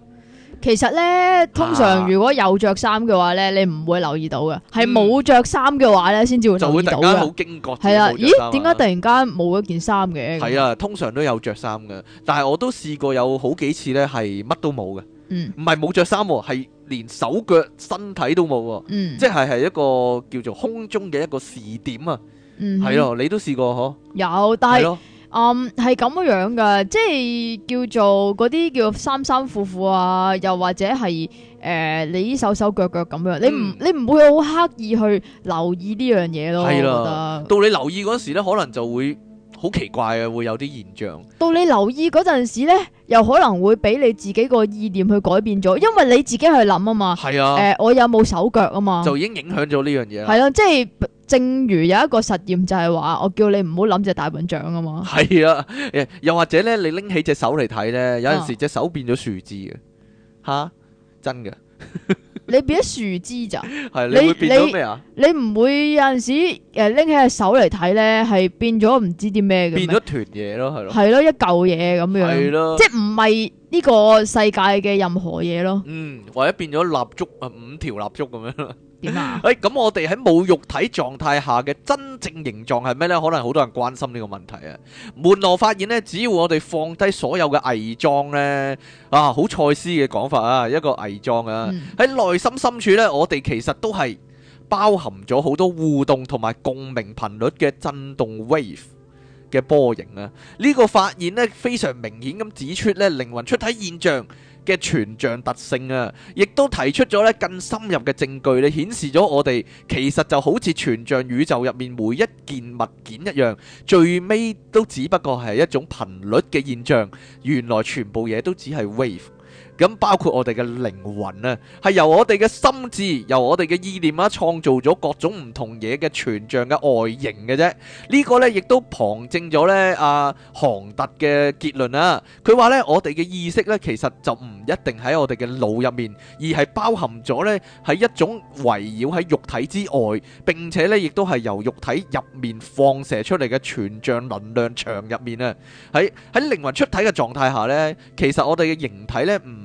S1: 其實咧，通常如果有着衫嘅話咧，你唔會留意到嘅。係冇着衫嘅話咧，先至會留意到，就會突然間好
S2: 驚覺。係啊，咦？點解突
S1: 然間冇一件衫嘅？係啊，
S2: 通常都有着衫嘅，但係我都試過有好幾次咧，係乜都冇嘅。
S1: 嗯，唔係冇着
S2: 衫，係連手腳身體都冇。嗯，即係係一個叫做空中嘅一個視點啊。嗯，
S1: 係咯，
S2: 你都試過嗬？
S1: 有，但係。嗯，係咁、um, 樣樣噶，即係叫做嗰啲叫衫衫褲褲啊，又或者係誒、呃、你手手腳腳咁樣，嗯、你唔你唔會好刻意去留意呢樣嘢咯。係啦、啊，
S2: 到你留意嗰時咧，可能就會好奇怪啊，會有啲現象。
S1: 到你留意嗰陣時咧，又可能會俾你自己個意念去改變咗，因為你自己去諗啊嘛。係啊，誒、呃，我有冇手腳啊嘛？就已經影響
S2: 咗呢樣嘢啦。係咯、啊，
S1: 即係。正如有一個實驗就係話，我叫你唔好諗隻大笨象啊嘛。係
S2: 啊，又或者咧， 你拎起隻手嚟睇咧，有陣時隻手變咗樹枝嘅，吓，真嘅。
S1: 你變咗樹枝咋？係你變咗咩啊？你唔會有陣時誒拎起隻手嚟睇咧，係變咗唔知啲咩嘅。變咗團嘢咯，係咯。係咯，一嚿嘢咁樣。係咯，即係唔係。呢個世界嘅任何嘢咯，
S2: 嗯，或者變咗蠟燭啊，五條蠟燭咁樣啦。點啊？誒，咁我哋喺冇肉體狀態下嘅真正形狀係咩呢？可能好多人關心呢個問題啊。門羅發現呢，只要我哋放低所有嘅偽裝呢，啊，好蔡司嘅講法啊，一個偽裝啊，喺內心深處呢，我哋其實都係包含咗好多互動同埋共鳴頻率嘅震動 wave。嘅波形啊，呢個發現呢，非常明顯咁指出呢，靈魂出體現象嘅全像特性啊，亦都提出咗呢，更深入嘅證據，呢顯示咗我哋其實就好似全像宇宙入面每一件物件一樣，最尾都只不過係一種頻率嘅現象，原來全部嘢都只係 wave。咁包括我哋嘅靈魂啊，係由我哋嘅心智、由我哋嘅意念啊創造咗各種唔同嘢嘅全像嘅外形嘅啫。呢個咧亦都旁證咗咧阿杭特嘅結論啊。佢話咧我哋嘅意識咧其實就唔一定喺我哋嘅腦入面，而係包含咗咧喺一種圍繞喺肉體之外，並且咧亦都係由肉體入面放射出嚟嘅全像能量場入面啊。喺喺靈魂出體嘅狀態下咧，其實我哋嘅形體咧唔。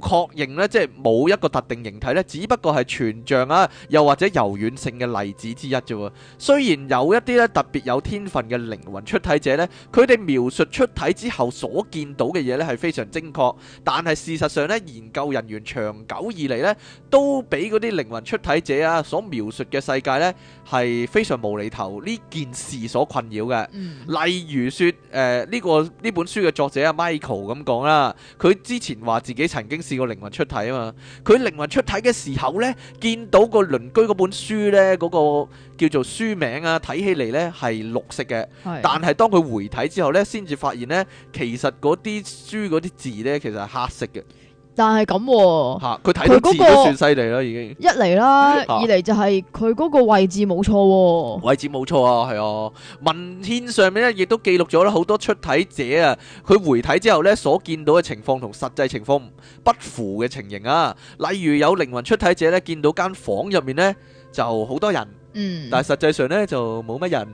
S2: 確認咧，即係冇一個特定形體咧，只不過係全像啊，又或者柔軟性嘅例子之一啫。雖然有一啲咧特別有天分嘅靈魂出體者咧，佢哋描述出體之後所見到嘅嘢咧係非常精確，但係事實上咧，研究人員長久以嚟咧都俾嗰啲靈魂出體者啊所描述嘅世界咧係非常無厘頭呢件事所困擾嘅。嗯、例如說，誒、呃、呢、這個呢本書嘅作者阿 Michael 咁講啦，佢之前話自己曾經，試過靈魂出體啊嘛，佢靈魂出體嘅時候咧，見到個鄰居本書咧，嗰個叫做書名啊，睇起嚟咧係綠色嘅，係嘅，但係當佢回睇之後咧，先至發現咧，其實嗰啲書嗰啲字咧，其實係黑色嘅。
S1: 但係咁、啊，佢睇到字那都算犀利啦，
S2: 已經。一嚟
S1: 啦，二嚟就係佢嗰個位置冇錯。
S2: 位置冇錯啊，係啊。文獻上面咧，亦都記錄咗啦好多出體者啊，佢回體之後咧所見到嘅情況同實際情況不符嘅情形啊。例如有靈魂出體者咧見到間房入面咧就好多人，嗯、但係實際上咧就冇乜人。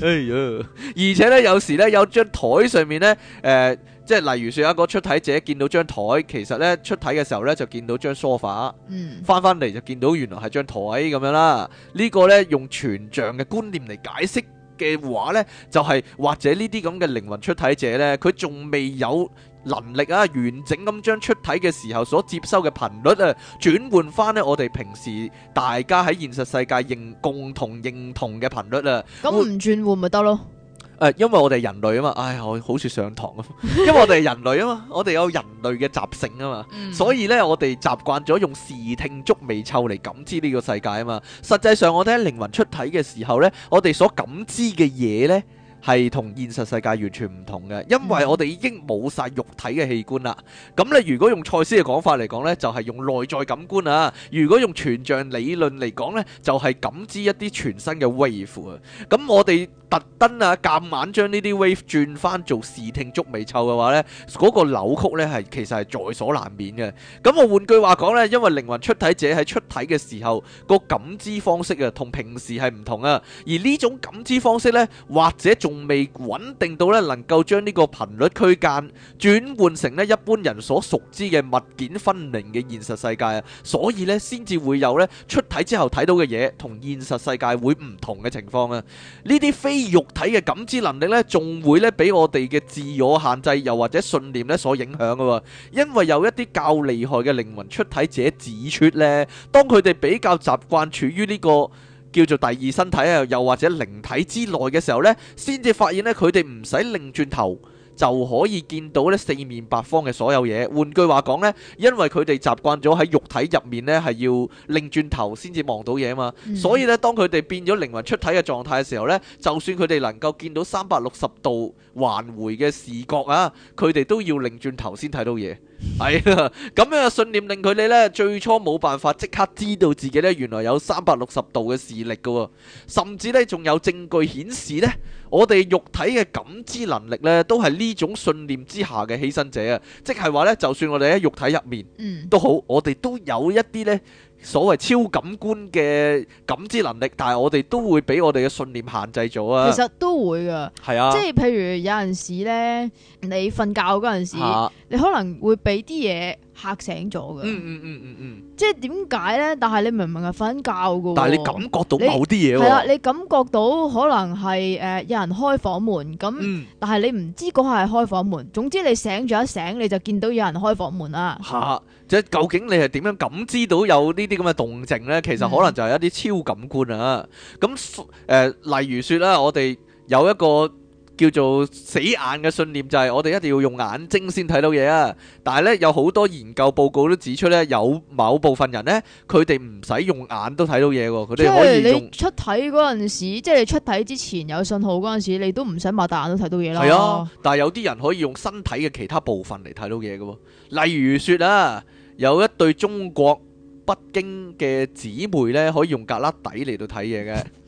S2: 哎呀，而且咧有時咧有張台上面咧誒。呃即係例如說一個出體者見到張台，其實咧出體嘅時候咧就見到張梳化，嗯，翻翻嚟就見到原來係張台咁樣啦。這個，呢個咧用全像嘅觀念嚟解釋嘅話咧，就係，是，或者呢啲咁嘅靈魂出體者咧，佢仲未有能力啊完整咁將出體嘅時候所接收嘅頻率啊轉換翻咧我哋平時大家喺現實世界認共同認同嘅頻率啊，咁唔
S1: 轉換咪得咯？會
S2: 誒，因為我哋人類啊嘛，唉，我好似上堂啊，因為我哋係人類啊嘛，我哋有人類嘅習性啊嘛， 所以呢，我哋習慣咗用視聽觸味嗅嚟感知呢個世界啊嘛，實際上我哋喺靈魂出體嘅時候呢，我哋所感知嘅嘢呢，係同現實世界完全唔同嘅，因為我哋已經冇晒肉體嘅器官啦。咁咧，如果用賽斯嘅講法嚟講呢，就係、是、用內在感官啊；如果用全像理論嚟講呢，就係、是、感知一啲全新嘅 wave 啊。咁我哋特登啊，夾硬將呢啲 wave 轉翻做視聽觸味嗅嘅話呢，嗰、那個扭曲呢係其實係在所難免嘅。咁我換句話講呢，因為靈魂出體者喺出體嘅時候、那個感知方式啊，同平時係唔同啊。而呢種感知方式呢，或者仲仲未穩定到咧，能夠將呢個頻率區間轉換成咧一般人所熟知嘅物件分明嘅現實世界啊，所以咧先至會有咧出體之後睇到嘅嘢同現實世界會唔同嘅情況啊。呢啲非肉體嘅感知能力咧，仲會咧俾我哋嘅自我限制，又或者信念咧所影響噶。因為有一啲較厲害嘅靈魂出體者指出呢，當佢哋比較習慣處於呢個，叫做第二身體啊，又或者靈體之內嘅時候呢，先至發現呢，佢哋唔使擰轉頭，就可以見到咧四面八方嘅所有嘢。換句話講呢，因為佢哋習慣咗喺肉體入面呢，係要擰轉頭先至望到嘢嘛。嗯、所以呢，當佢哋變咗靈魂出體嘅狀態嘅時候呢，就算佢哋能夠見到三百六十度環回嘅視覺啊，佢哋都要擰轉頭先睇到嘢。係啊，咁樣嘅信念令佢哋呢，最初冇辦法即刻知道自己呢，原來有三百六十度嘅視力㗎喎，甚至呢，仲有證據顯示呢。我哋肉體嘅感知能力咧，都係呢種信念之下嘅犧牲者啊！即係話咧，就算我哋喺肉體入面、嗯、都好，我哋都有一啲咧所謂超感官嘅感知能力，但係我哋都會俾我哋嘅信念限制咗啊！其實
S1: 都會㗎，係啊，即係譬如有陣時咧，你瞓覺嗰陣時，啊、你可能會俾啲嘢吓醒咗嘅、嗯，嗯嗯嗯嗯嗯，嗯即係點解咧？但係你明明係瞓覺嘅，但係你感覺到某啲嘢係啦，你感覺到可能係誒有人開房門咁，嗯、但係你唔知嗰下係開房門。總之你醒咗一醒，你就見到有人開房門啦、啊。吓、
S2: 啊，即係究竟你係點樣感知到有呢啲咁嘅動靜咧？其實可能就係一啲超感官啊。咁誒、嗯呃，例如説咧、啊，我哋有一個。叫做死眼嘅信念就係、是、我哋一定要用眼睛先睇到嘢啊！但係呢，有好多研究報告都指出呢，有某部分人呢，佢哋唔使用眼都睇到嘢喎。可以用即係你
S1: 出體嗰陣時，即係出體之前有信號嗰陣時，你都唔使擘大眼都睇到嘢啦。係啊，
S2: 但係有啲人可以用身體嘅其他部分嚟睇到嘢嘅喎。例如説啊，有一對中國北京嘅姊妹呢，可以用胳肋底嚟到睇嘢嘅。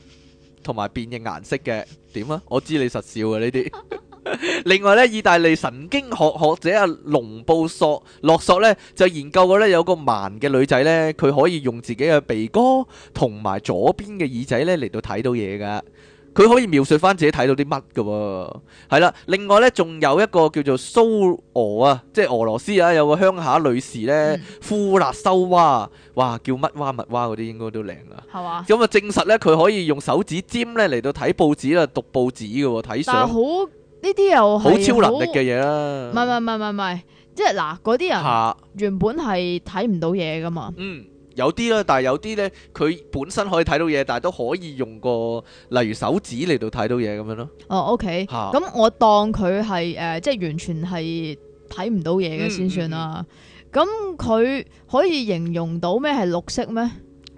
S2: 同埋變形顏色嘅點啊！我知你實笑啊呢啲。 另外呢，意大利神經學學者阿龍布索洛索呢，就研究過呢，有個盲嘅女仔呢，佢可以用自己嘅鼻哥同埋左邊嘅耳仔呢嚟到睇到嘢㗎。佢可以描述翻自己睇到啲乜㗎喎，係啦。另外咧，仲有一個叫做蘇俄啊，即係俄羅斯啊，有個鄉下女士咧，呼納、嗯、修娃，哇，叫乜娃乜娃嗰啲應該都靚噶。係嘛？咁啊，就證實咧，佢可以用手指尖咧嚟到睇報紙啊，讀報紙㗎喎。哦，睇相。好
S1: 呢啲又好超能力嘅
S2: 嘢啦。
S1: 唔係唔係唔係唔係，即係嗱，嗰啲人原本係睇唔到嘢噶嘛。嗯。
S2: 有啲啦，但係有啲咧，佢本身可以睇到嘢，但係都可以用個例如手指嚟到睇到嘢咁樣咯。
S1: 哦，OK。嚇、啊，咁我當佢係誒，即係完全係睇唔到嘢嘅先算啦。咁佢、嗯嗯、可以形容到咩係綠色咩？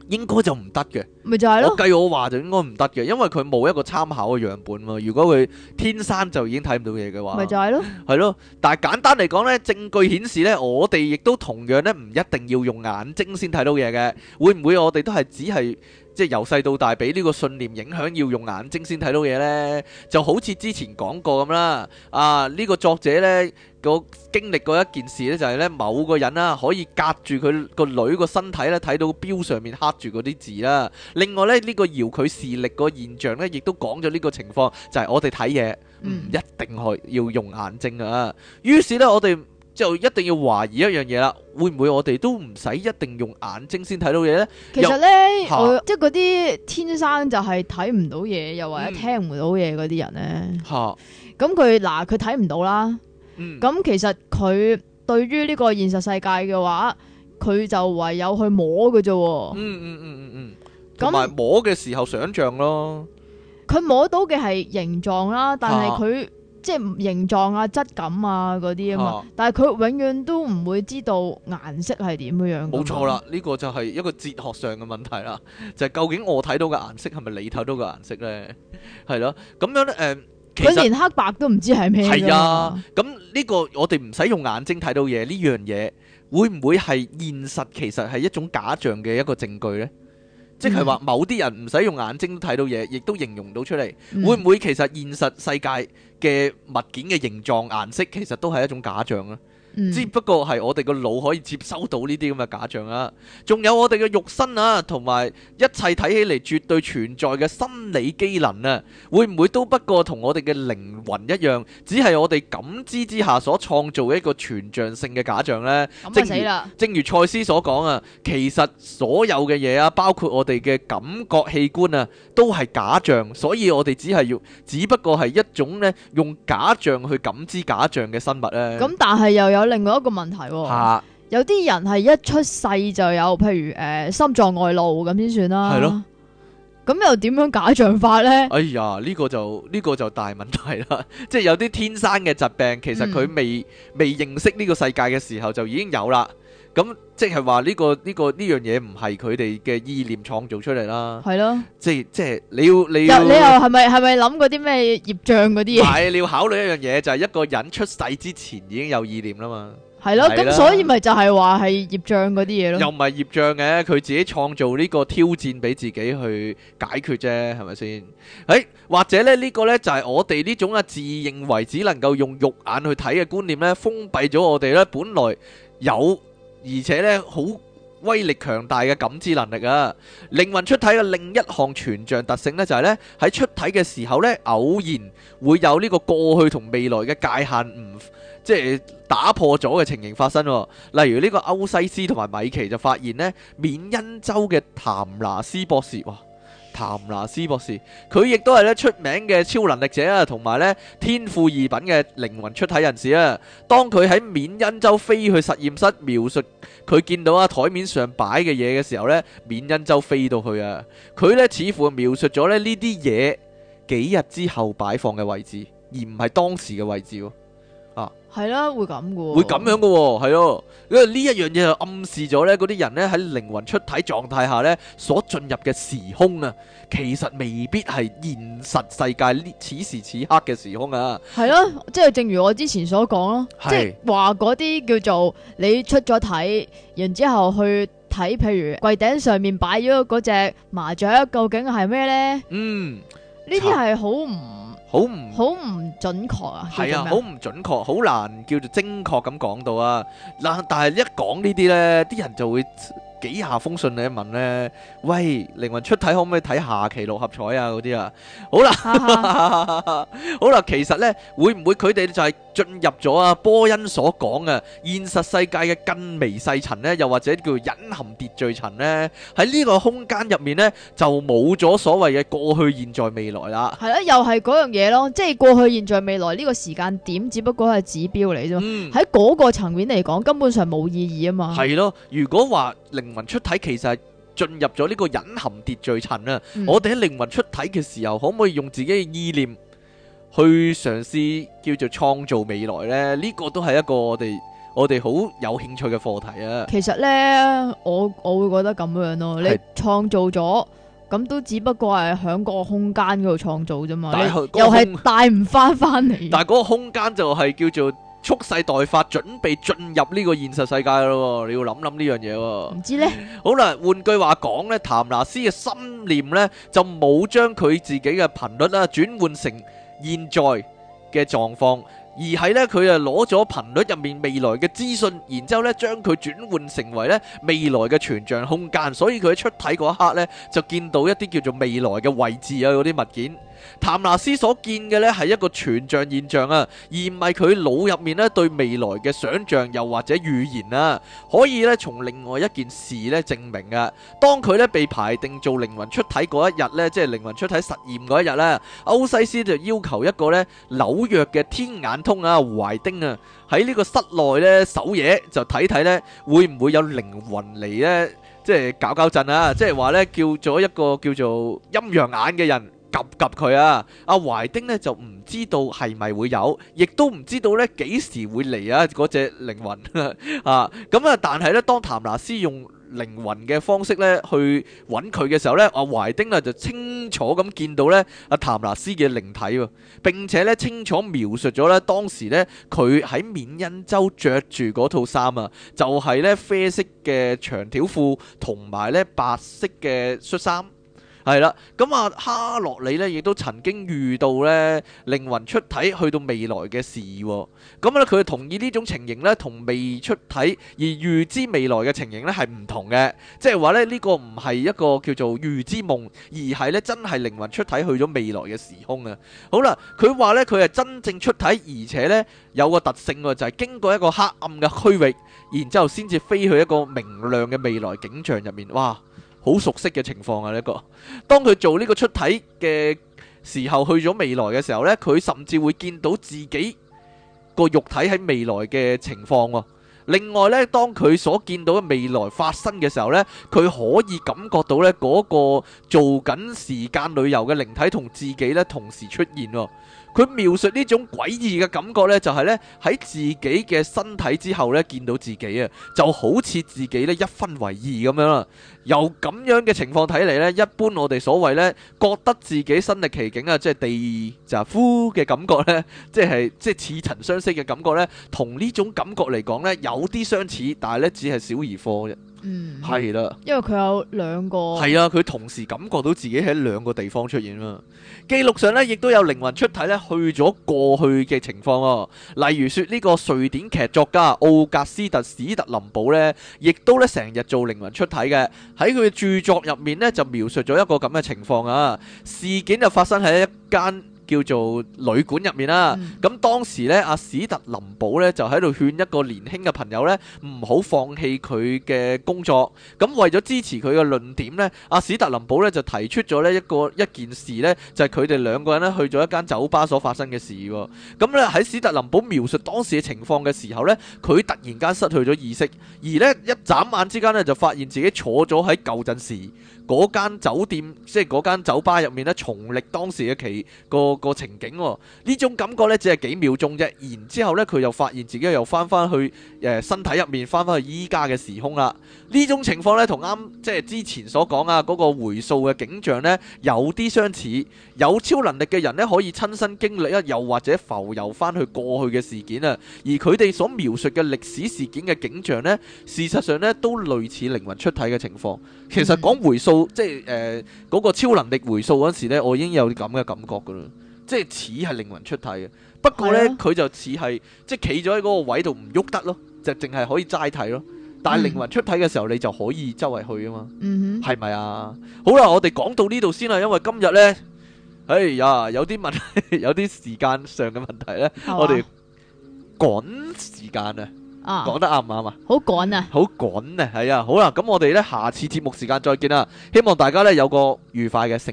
S1: 應
S2: 該就唔得嘅，咪就係咯。我計我話就應該唔得嘅，因為佢冇一個參考嘅樣本喎。如果佢天生就已經睇唔到嘢嘅話，咪就係咯，係咯。但係簡單嚟講呢，證據顯示呢，我哋亦都同樣呢，唔一定要用眼睛先睇到嘢嘅。會唔會我哋都係只係？即係由細到大俾呢個信念影響，要用眼睛先睇到嘢呢，就好似之前講過咁啦。啊，呢個作者呢個經歷過一件事呢，就係呢某個人啦、啊，可以隔住佢個女個身體咧睇到錶上面刻住嗰啲字啦。另外呢，呢個遙距視力個現象呢，亦都講咗呢個情況，就係我哋睇嘢唔一定係要用眼睛啊。於是呢，我哋。就一定要懷疑一樣嘢啦，會唔會我哋都唔使一定用眼睛先睇到嘢咧？其實咧、啊，即
S1: 係嗰啲天生就係睇唔到嘢，又或者聽唔到嘢嗰啲人咧。嚇、嗯！咁佢嗱佢睇唔到啦。咁、嗯、其實佢對於呢個現實世界嘅話，佢就唯有去摸㗎啫、啊嗯。嗯嗯嗯嗯
S2: 嗯。咁、嗯、係摸嘅時候想像咯。
S1: 佢摸到嘅係形狀啦，但係佢、啊。即係形狀啊、質感啊嗰啲啊嘛，啊但係佢永遠都唔會知道顏色係點樣樣。冇錯啦，
S2: 呢、這個就係一個哲學上嘅問題啦，就係、是、究竟我睇到嘅顏色係咪你睇到嘅顏色呢？係 咯， 咁樣咧，誒，佢連
S1: 黑白都唔知係咩。係啊，
S2: 咁呢個我哋唔使用眼睛睇到嘢，呢樣嘢會唔會係現實其實係一種假象嘅一個證據呢？
S1: 即係話
S2: 某啲人唔使用,用眼睛睇到嘢，亦都形容到出嚟，會唔會其實現實世界？嘅物件嘅形狀、顏色，其實都係一種假象啊。只不過係我哋個腦可以接收到呢啲咁嘅假象啊，仲有我哋嘅肉身啊，同埋一切睇起嚟絕對存在嘅心理機能啊，會唔會都不過同我哋嘅靈魂一樣，只係我哋感知之下所創造一個全像性嘅假象呢？咁啊死啦！正如蔡司所講啊，其實所有嘅嘢啊，包括我哋嘅感覺器官啊，都係假象，所以我哋只係要，只不過係一種呢，用假象去感知假象嘅生物呢、啊。咁
S1: 但係又有。另外一個問題喎、哦，哈有啲人係一出世就有，譬如誒、呃、心臟外露咁先算啦。係咯，咁又點樣假象法呢？
S2: 哎呀，呢、這個就呢、這個就大問題啦！ 即係有啲天生嘅疾病，其實佢未、嗯、未認識呢個世界嘅時候就已經有啦。咁即係話呢個呢個呢樣嘢唔係佢哋嘅意念創造出嚟啦。係咯，即係即係你要你要，你又係
S1: 咪係咪諗過啲咩業障嗰啲嘢，係你
S2: 要考慮一樣嘢，就係一個人出世之前已經有意念啦嘛。
S1: 係咯，咁所以咪就係話係業障嗰啲嘢咯。又
S2: 唔係業障嘅，佢自己創造呢個挑戰俾自己去解決啫，係咪先？誒，或者咧呢個咧就係我哋呢種啊自認為只能夠用肉眼去睇嘅觀念咧，封閉咗我哋咧本來有，而且呢，好威力強大嘅感知能力啊！靈魂出體嘅另一項全像特性咧，就係咧喺出體嘅時候咧，偶然會有呢個過去同未來嘅界限唔，即係打破咗嘅情形發生啊。例如呢個歐西斯同埋米奇就發現咧，緬因州嘅譚拿斯博士話。譚拿斯博士，佢亦都係咧出名嘅超能力者啊，同埋咧天賦異稟嘅靈魂出體人士啊。當佢喺緬恩州飛去實驗室描述佢見到啊台面上擺嘅嘢嘅時候咧，緬恩州飛到去啊，佢咧似乎描述咗咧呢啲嘢幾日之後擺放嘅位置，而唔係當時嘅位置。
S1: 係啦、啊，會咁噶、啊，會咁
S2: 樣噶、啊，係咯、啊，因為呢一樣嘢，就暗示咗咧，嗰啲人咧喺靈魂出體狀態下咧所進入嘅時空啊，其實未必係現實世界呢此時此刻嘅時空啊。
S1: 係咯、啊，即係正如我之前所講咯，是即係話嗰啲叫做你出咗體，然之後去睇，譬如櫃頂上面擺咗嗰隻麻雀，究竟係咩咧？嗯，呢啲係好唔。好唔好唔準確啊？係啊，好唔
S2: 準確，好難叫做精確咁講到啊！嗱，但係一講呢啲呢，啲人就會幾下封信你一問呢：「喂，靈魂出體可唔可以睇下期六合彩啊？嗰啲啊，好啦， 好啦，其實呢，會唔會佢哋就係、是？進入咗啊波恩所講嘅現實世界嘅更微細層咧，又或者叫做隱含秩序層咧，喺呢個空間入面咧就冇咗所謂嘅過去、現在、未來啦。
S1: 係啦，又係嗰樣嘢咯，即係過去、現在、未來呢個時間點，只不過係指標嚟啫。喺嗰個層面嚟講，根本上冇意義啊嘛。係
S2: 咯，如果話靈魂出體，其實係進入咗呢個隱含秩序層啊。我哋喺靈魂出體嘅時候，可唔可以用自己嘅意念？去嘗試叫做創造未來咧，呢個都係一個我哋我哋好有興趣嘅課題啊。其
S1: 實咧，我我會覺得咁樣咯，你創造咗咁都只不過係響個空間嗰度創造啫嘛，又係帶唔翻翻嚟。
S2: 但係嗰個空間就係叫做蓄勢待發，準備進入呢個現實世界咯。你要諗諗呢樣嘢喎。唔知咧？好啦，換句話講咧，譚拿斯嘅心念咧就冇將佢自己嘅頻率啦轉換成。現在嘅狀況，而係呢，佢啊攞咗頻率入面未來嘅資訊，然之後咧將佢轉換成為咧未來嘅全像空間，所以佢喺出體嗰一刻呢就見到一啲叫做未來嘅位置啊、嗰啲物件。譚拿斯所見嘅呢係一個全像現象，而唔係佢腦入面呢對未來嘅想像又或者預言。可以從另外一件事呢證明啊，當佢被排定做靈魂出體嗰一日呢，即係靈魂出體實驗及及佢啊！阿懷丁咧就唔知道係咪會有，亦都唔知道咧幾時會嚟啊！嗰隻靈魂啊，咁啊，但係咧，當譚納斯用靈魂嘅方式咧去揾佢嘅時候咧，阿懷丁啊就清楚咁見到咧阿譚納斯嘅靈體，並且咧清楚描述咗咧當時咧佢喺緬因州着住嗰套衫啊，就係咧啡色嘅長條褲同埋咧白色嘅恤衫。係啦，咁啊哈洛里呢亦都曾經遇到呢靈魂出體去到未來嘅事，咁咧佢同意呢種情形呢，同未出體而預知未來嘅情形呢係唔同嘅，即係話呢，呢個唔係一個叫做預知夢，而係呢真係靈魂出體去咗未來嘅時空啊！好啦，佢話呢，佢係真正出體，而且呢有個特性，就係經過一個黑暗嘅區域，然之後先至飛去一個明亮嘅未來景象入面，哇！好熟悉嘅情況啊！呢個當佢做呢個出體嘅時候，去咗未來嘅時候咧，佢甚至會見到自己個肉體喺未來嘅情況喎。另外咧，當佢所見到嘅未來發生嘅時候咧，佢可以感覺到咧嗰個做緊時間旅遊嘅靈體同自己咧同時出現喎。佢描述呢種詭異嘅感覺呢，就係呢，喺自己嘅身體之後呢，見到自己啊，就好似自己呢一分為二咁樣啦。由咁樣嘅情況睇嚟呢，一般我哋所謂呢，覺得自己身歷其境啊，即係地就呼嘅感覺呢，即係即似曾相識嘅感覺呢，同呢種感覺嚟講呢，有啲相似，但係呢，只係小兒科啫。嗯，係啦的，
S1: 因為佢有兩個係啊，
S2: 佢同時感覺到自己喺兩個地方出現啊。記錄上呢，亦都有靈魂出體呢去咗過去嘅情況。例如說呢個瑞典劇作家奧格斯特史特林堡呢，亦都呢成日做靈魂出體嘅。喺佢嘅著作入面呢，就描述咗一個咁嘅情況啊。事件就發生喺一間叫做旅館入面啦，咁、嗯、當時呢，阿史特林堡呢就喺度勸一個年輕嘅朋友呢，唔好放棄佢嘅工作。咁為咗支持佢嘅論點呢，阿史特林堡呢就提出咗呢一個一件事呢，就係佢哋兩個人呢去咗一間酒吧所發生嘅事。咁呢，喺史特林堡描述當時嘅情況嘅時候呢，佢突然間失去咗意識，而呢一眨眼之間呢，就發現自己坐咗喺舊陣時嗰間酒店即係嗰間酒吧入面呢，重歷當時嘅其個個情景喎。呢種感覺呢，只係幾秒鐘啫。然之後呢，佢又發現自己又翻翻去誒身體入面，翻翻去依家嘅時空啦。呢種情況呢，同啱即係之前所講啊嗰個回溯嘅景象呢，有啲相似。有超能力嘅人呢，可以親身經歷啊，又或者浮遊翻去過去嘅事件啊。而佢哋所描述嘅歷史事件嘅景象呢，事實上呢，都類似靈魂出體嘅情況。其實講回溯。即係誒，嗰、呃嗰個超能力回溯嗰時呢，我已經有啲咁嘅感覺噶啦，即係似係靈魂出體嘅。不過呢，佢對、啊、就似係即係企咗喺嗰個位度唔喐得咯，就淨係可以齋睇咯。但係靈魂出體嘅時候，你就可以周圍去啊嘛，係咪、嗯、哼 啊？好啦，我哋講到呢度先啦，因為今日呢，哎呀，有啲問題， 有啲時間上嘅問題呢，啊、哇 我哋趕時間啊。啊，講得啱唔啱啊？好趕啊！ 好趕啊！係啊！好啦，咁我哋呢，下次節目時間再見啦！希望大家呢，有個愉快嘅聖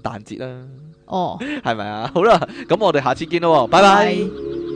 S2: 誕節啦！哦，係咪 啊？好啦，咁我哋下次見咯，拜拜。拜拜。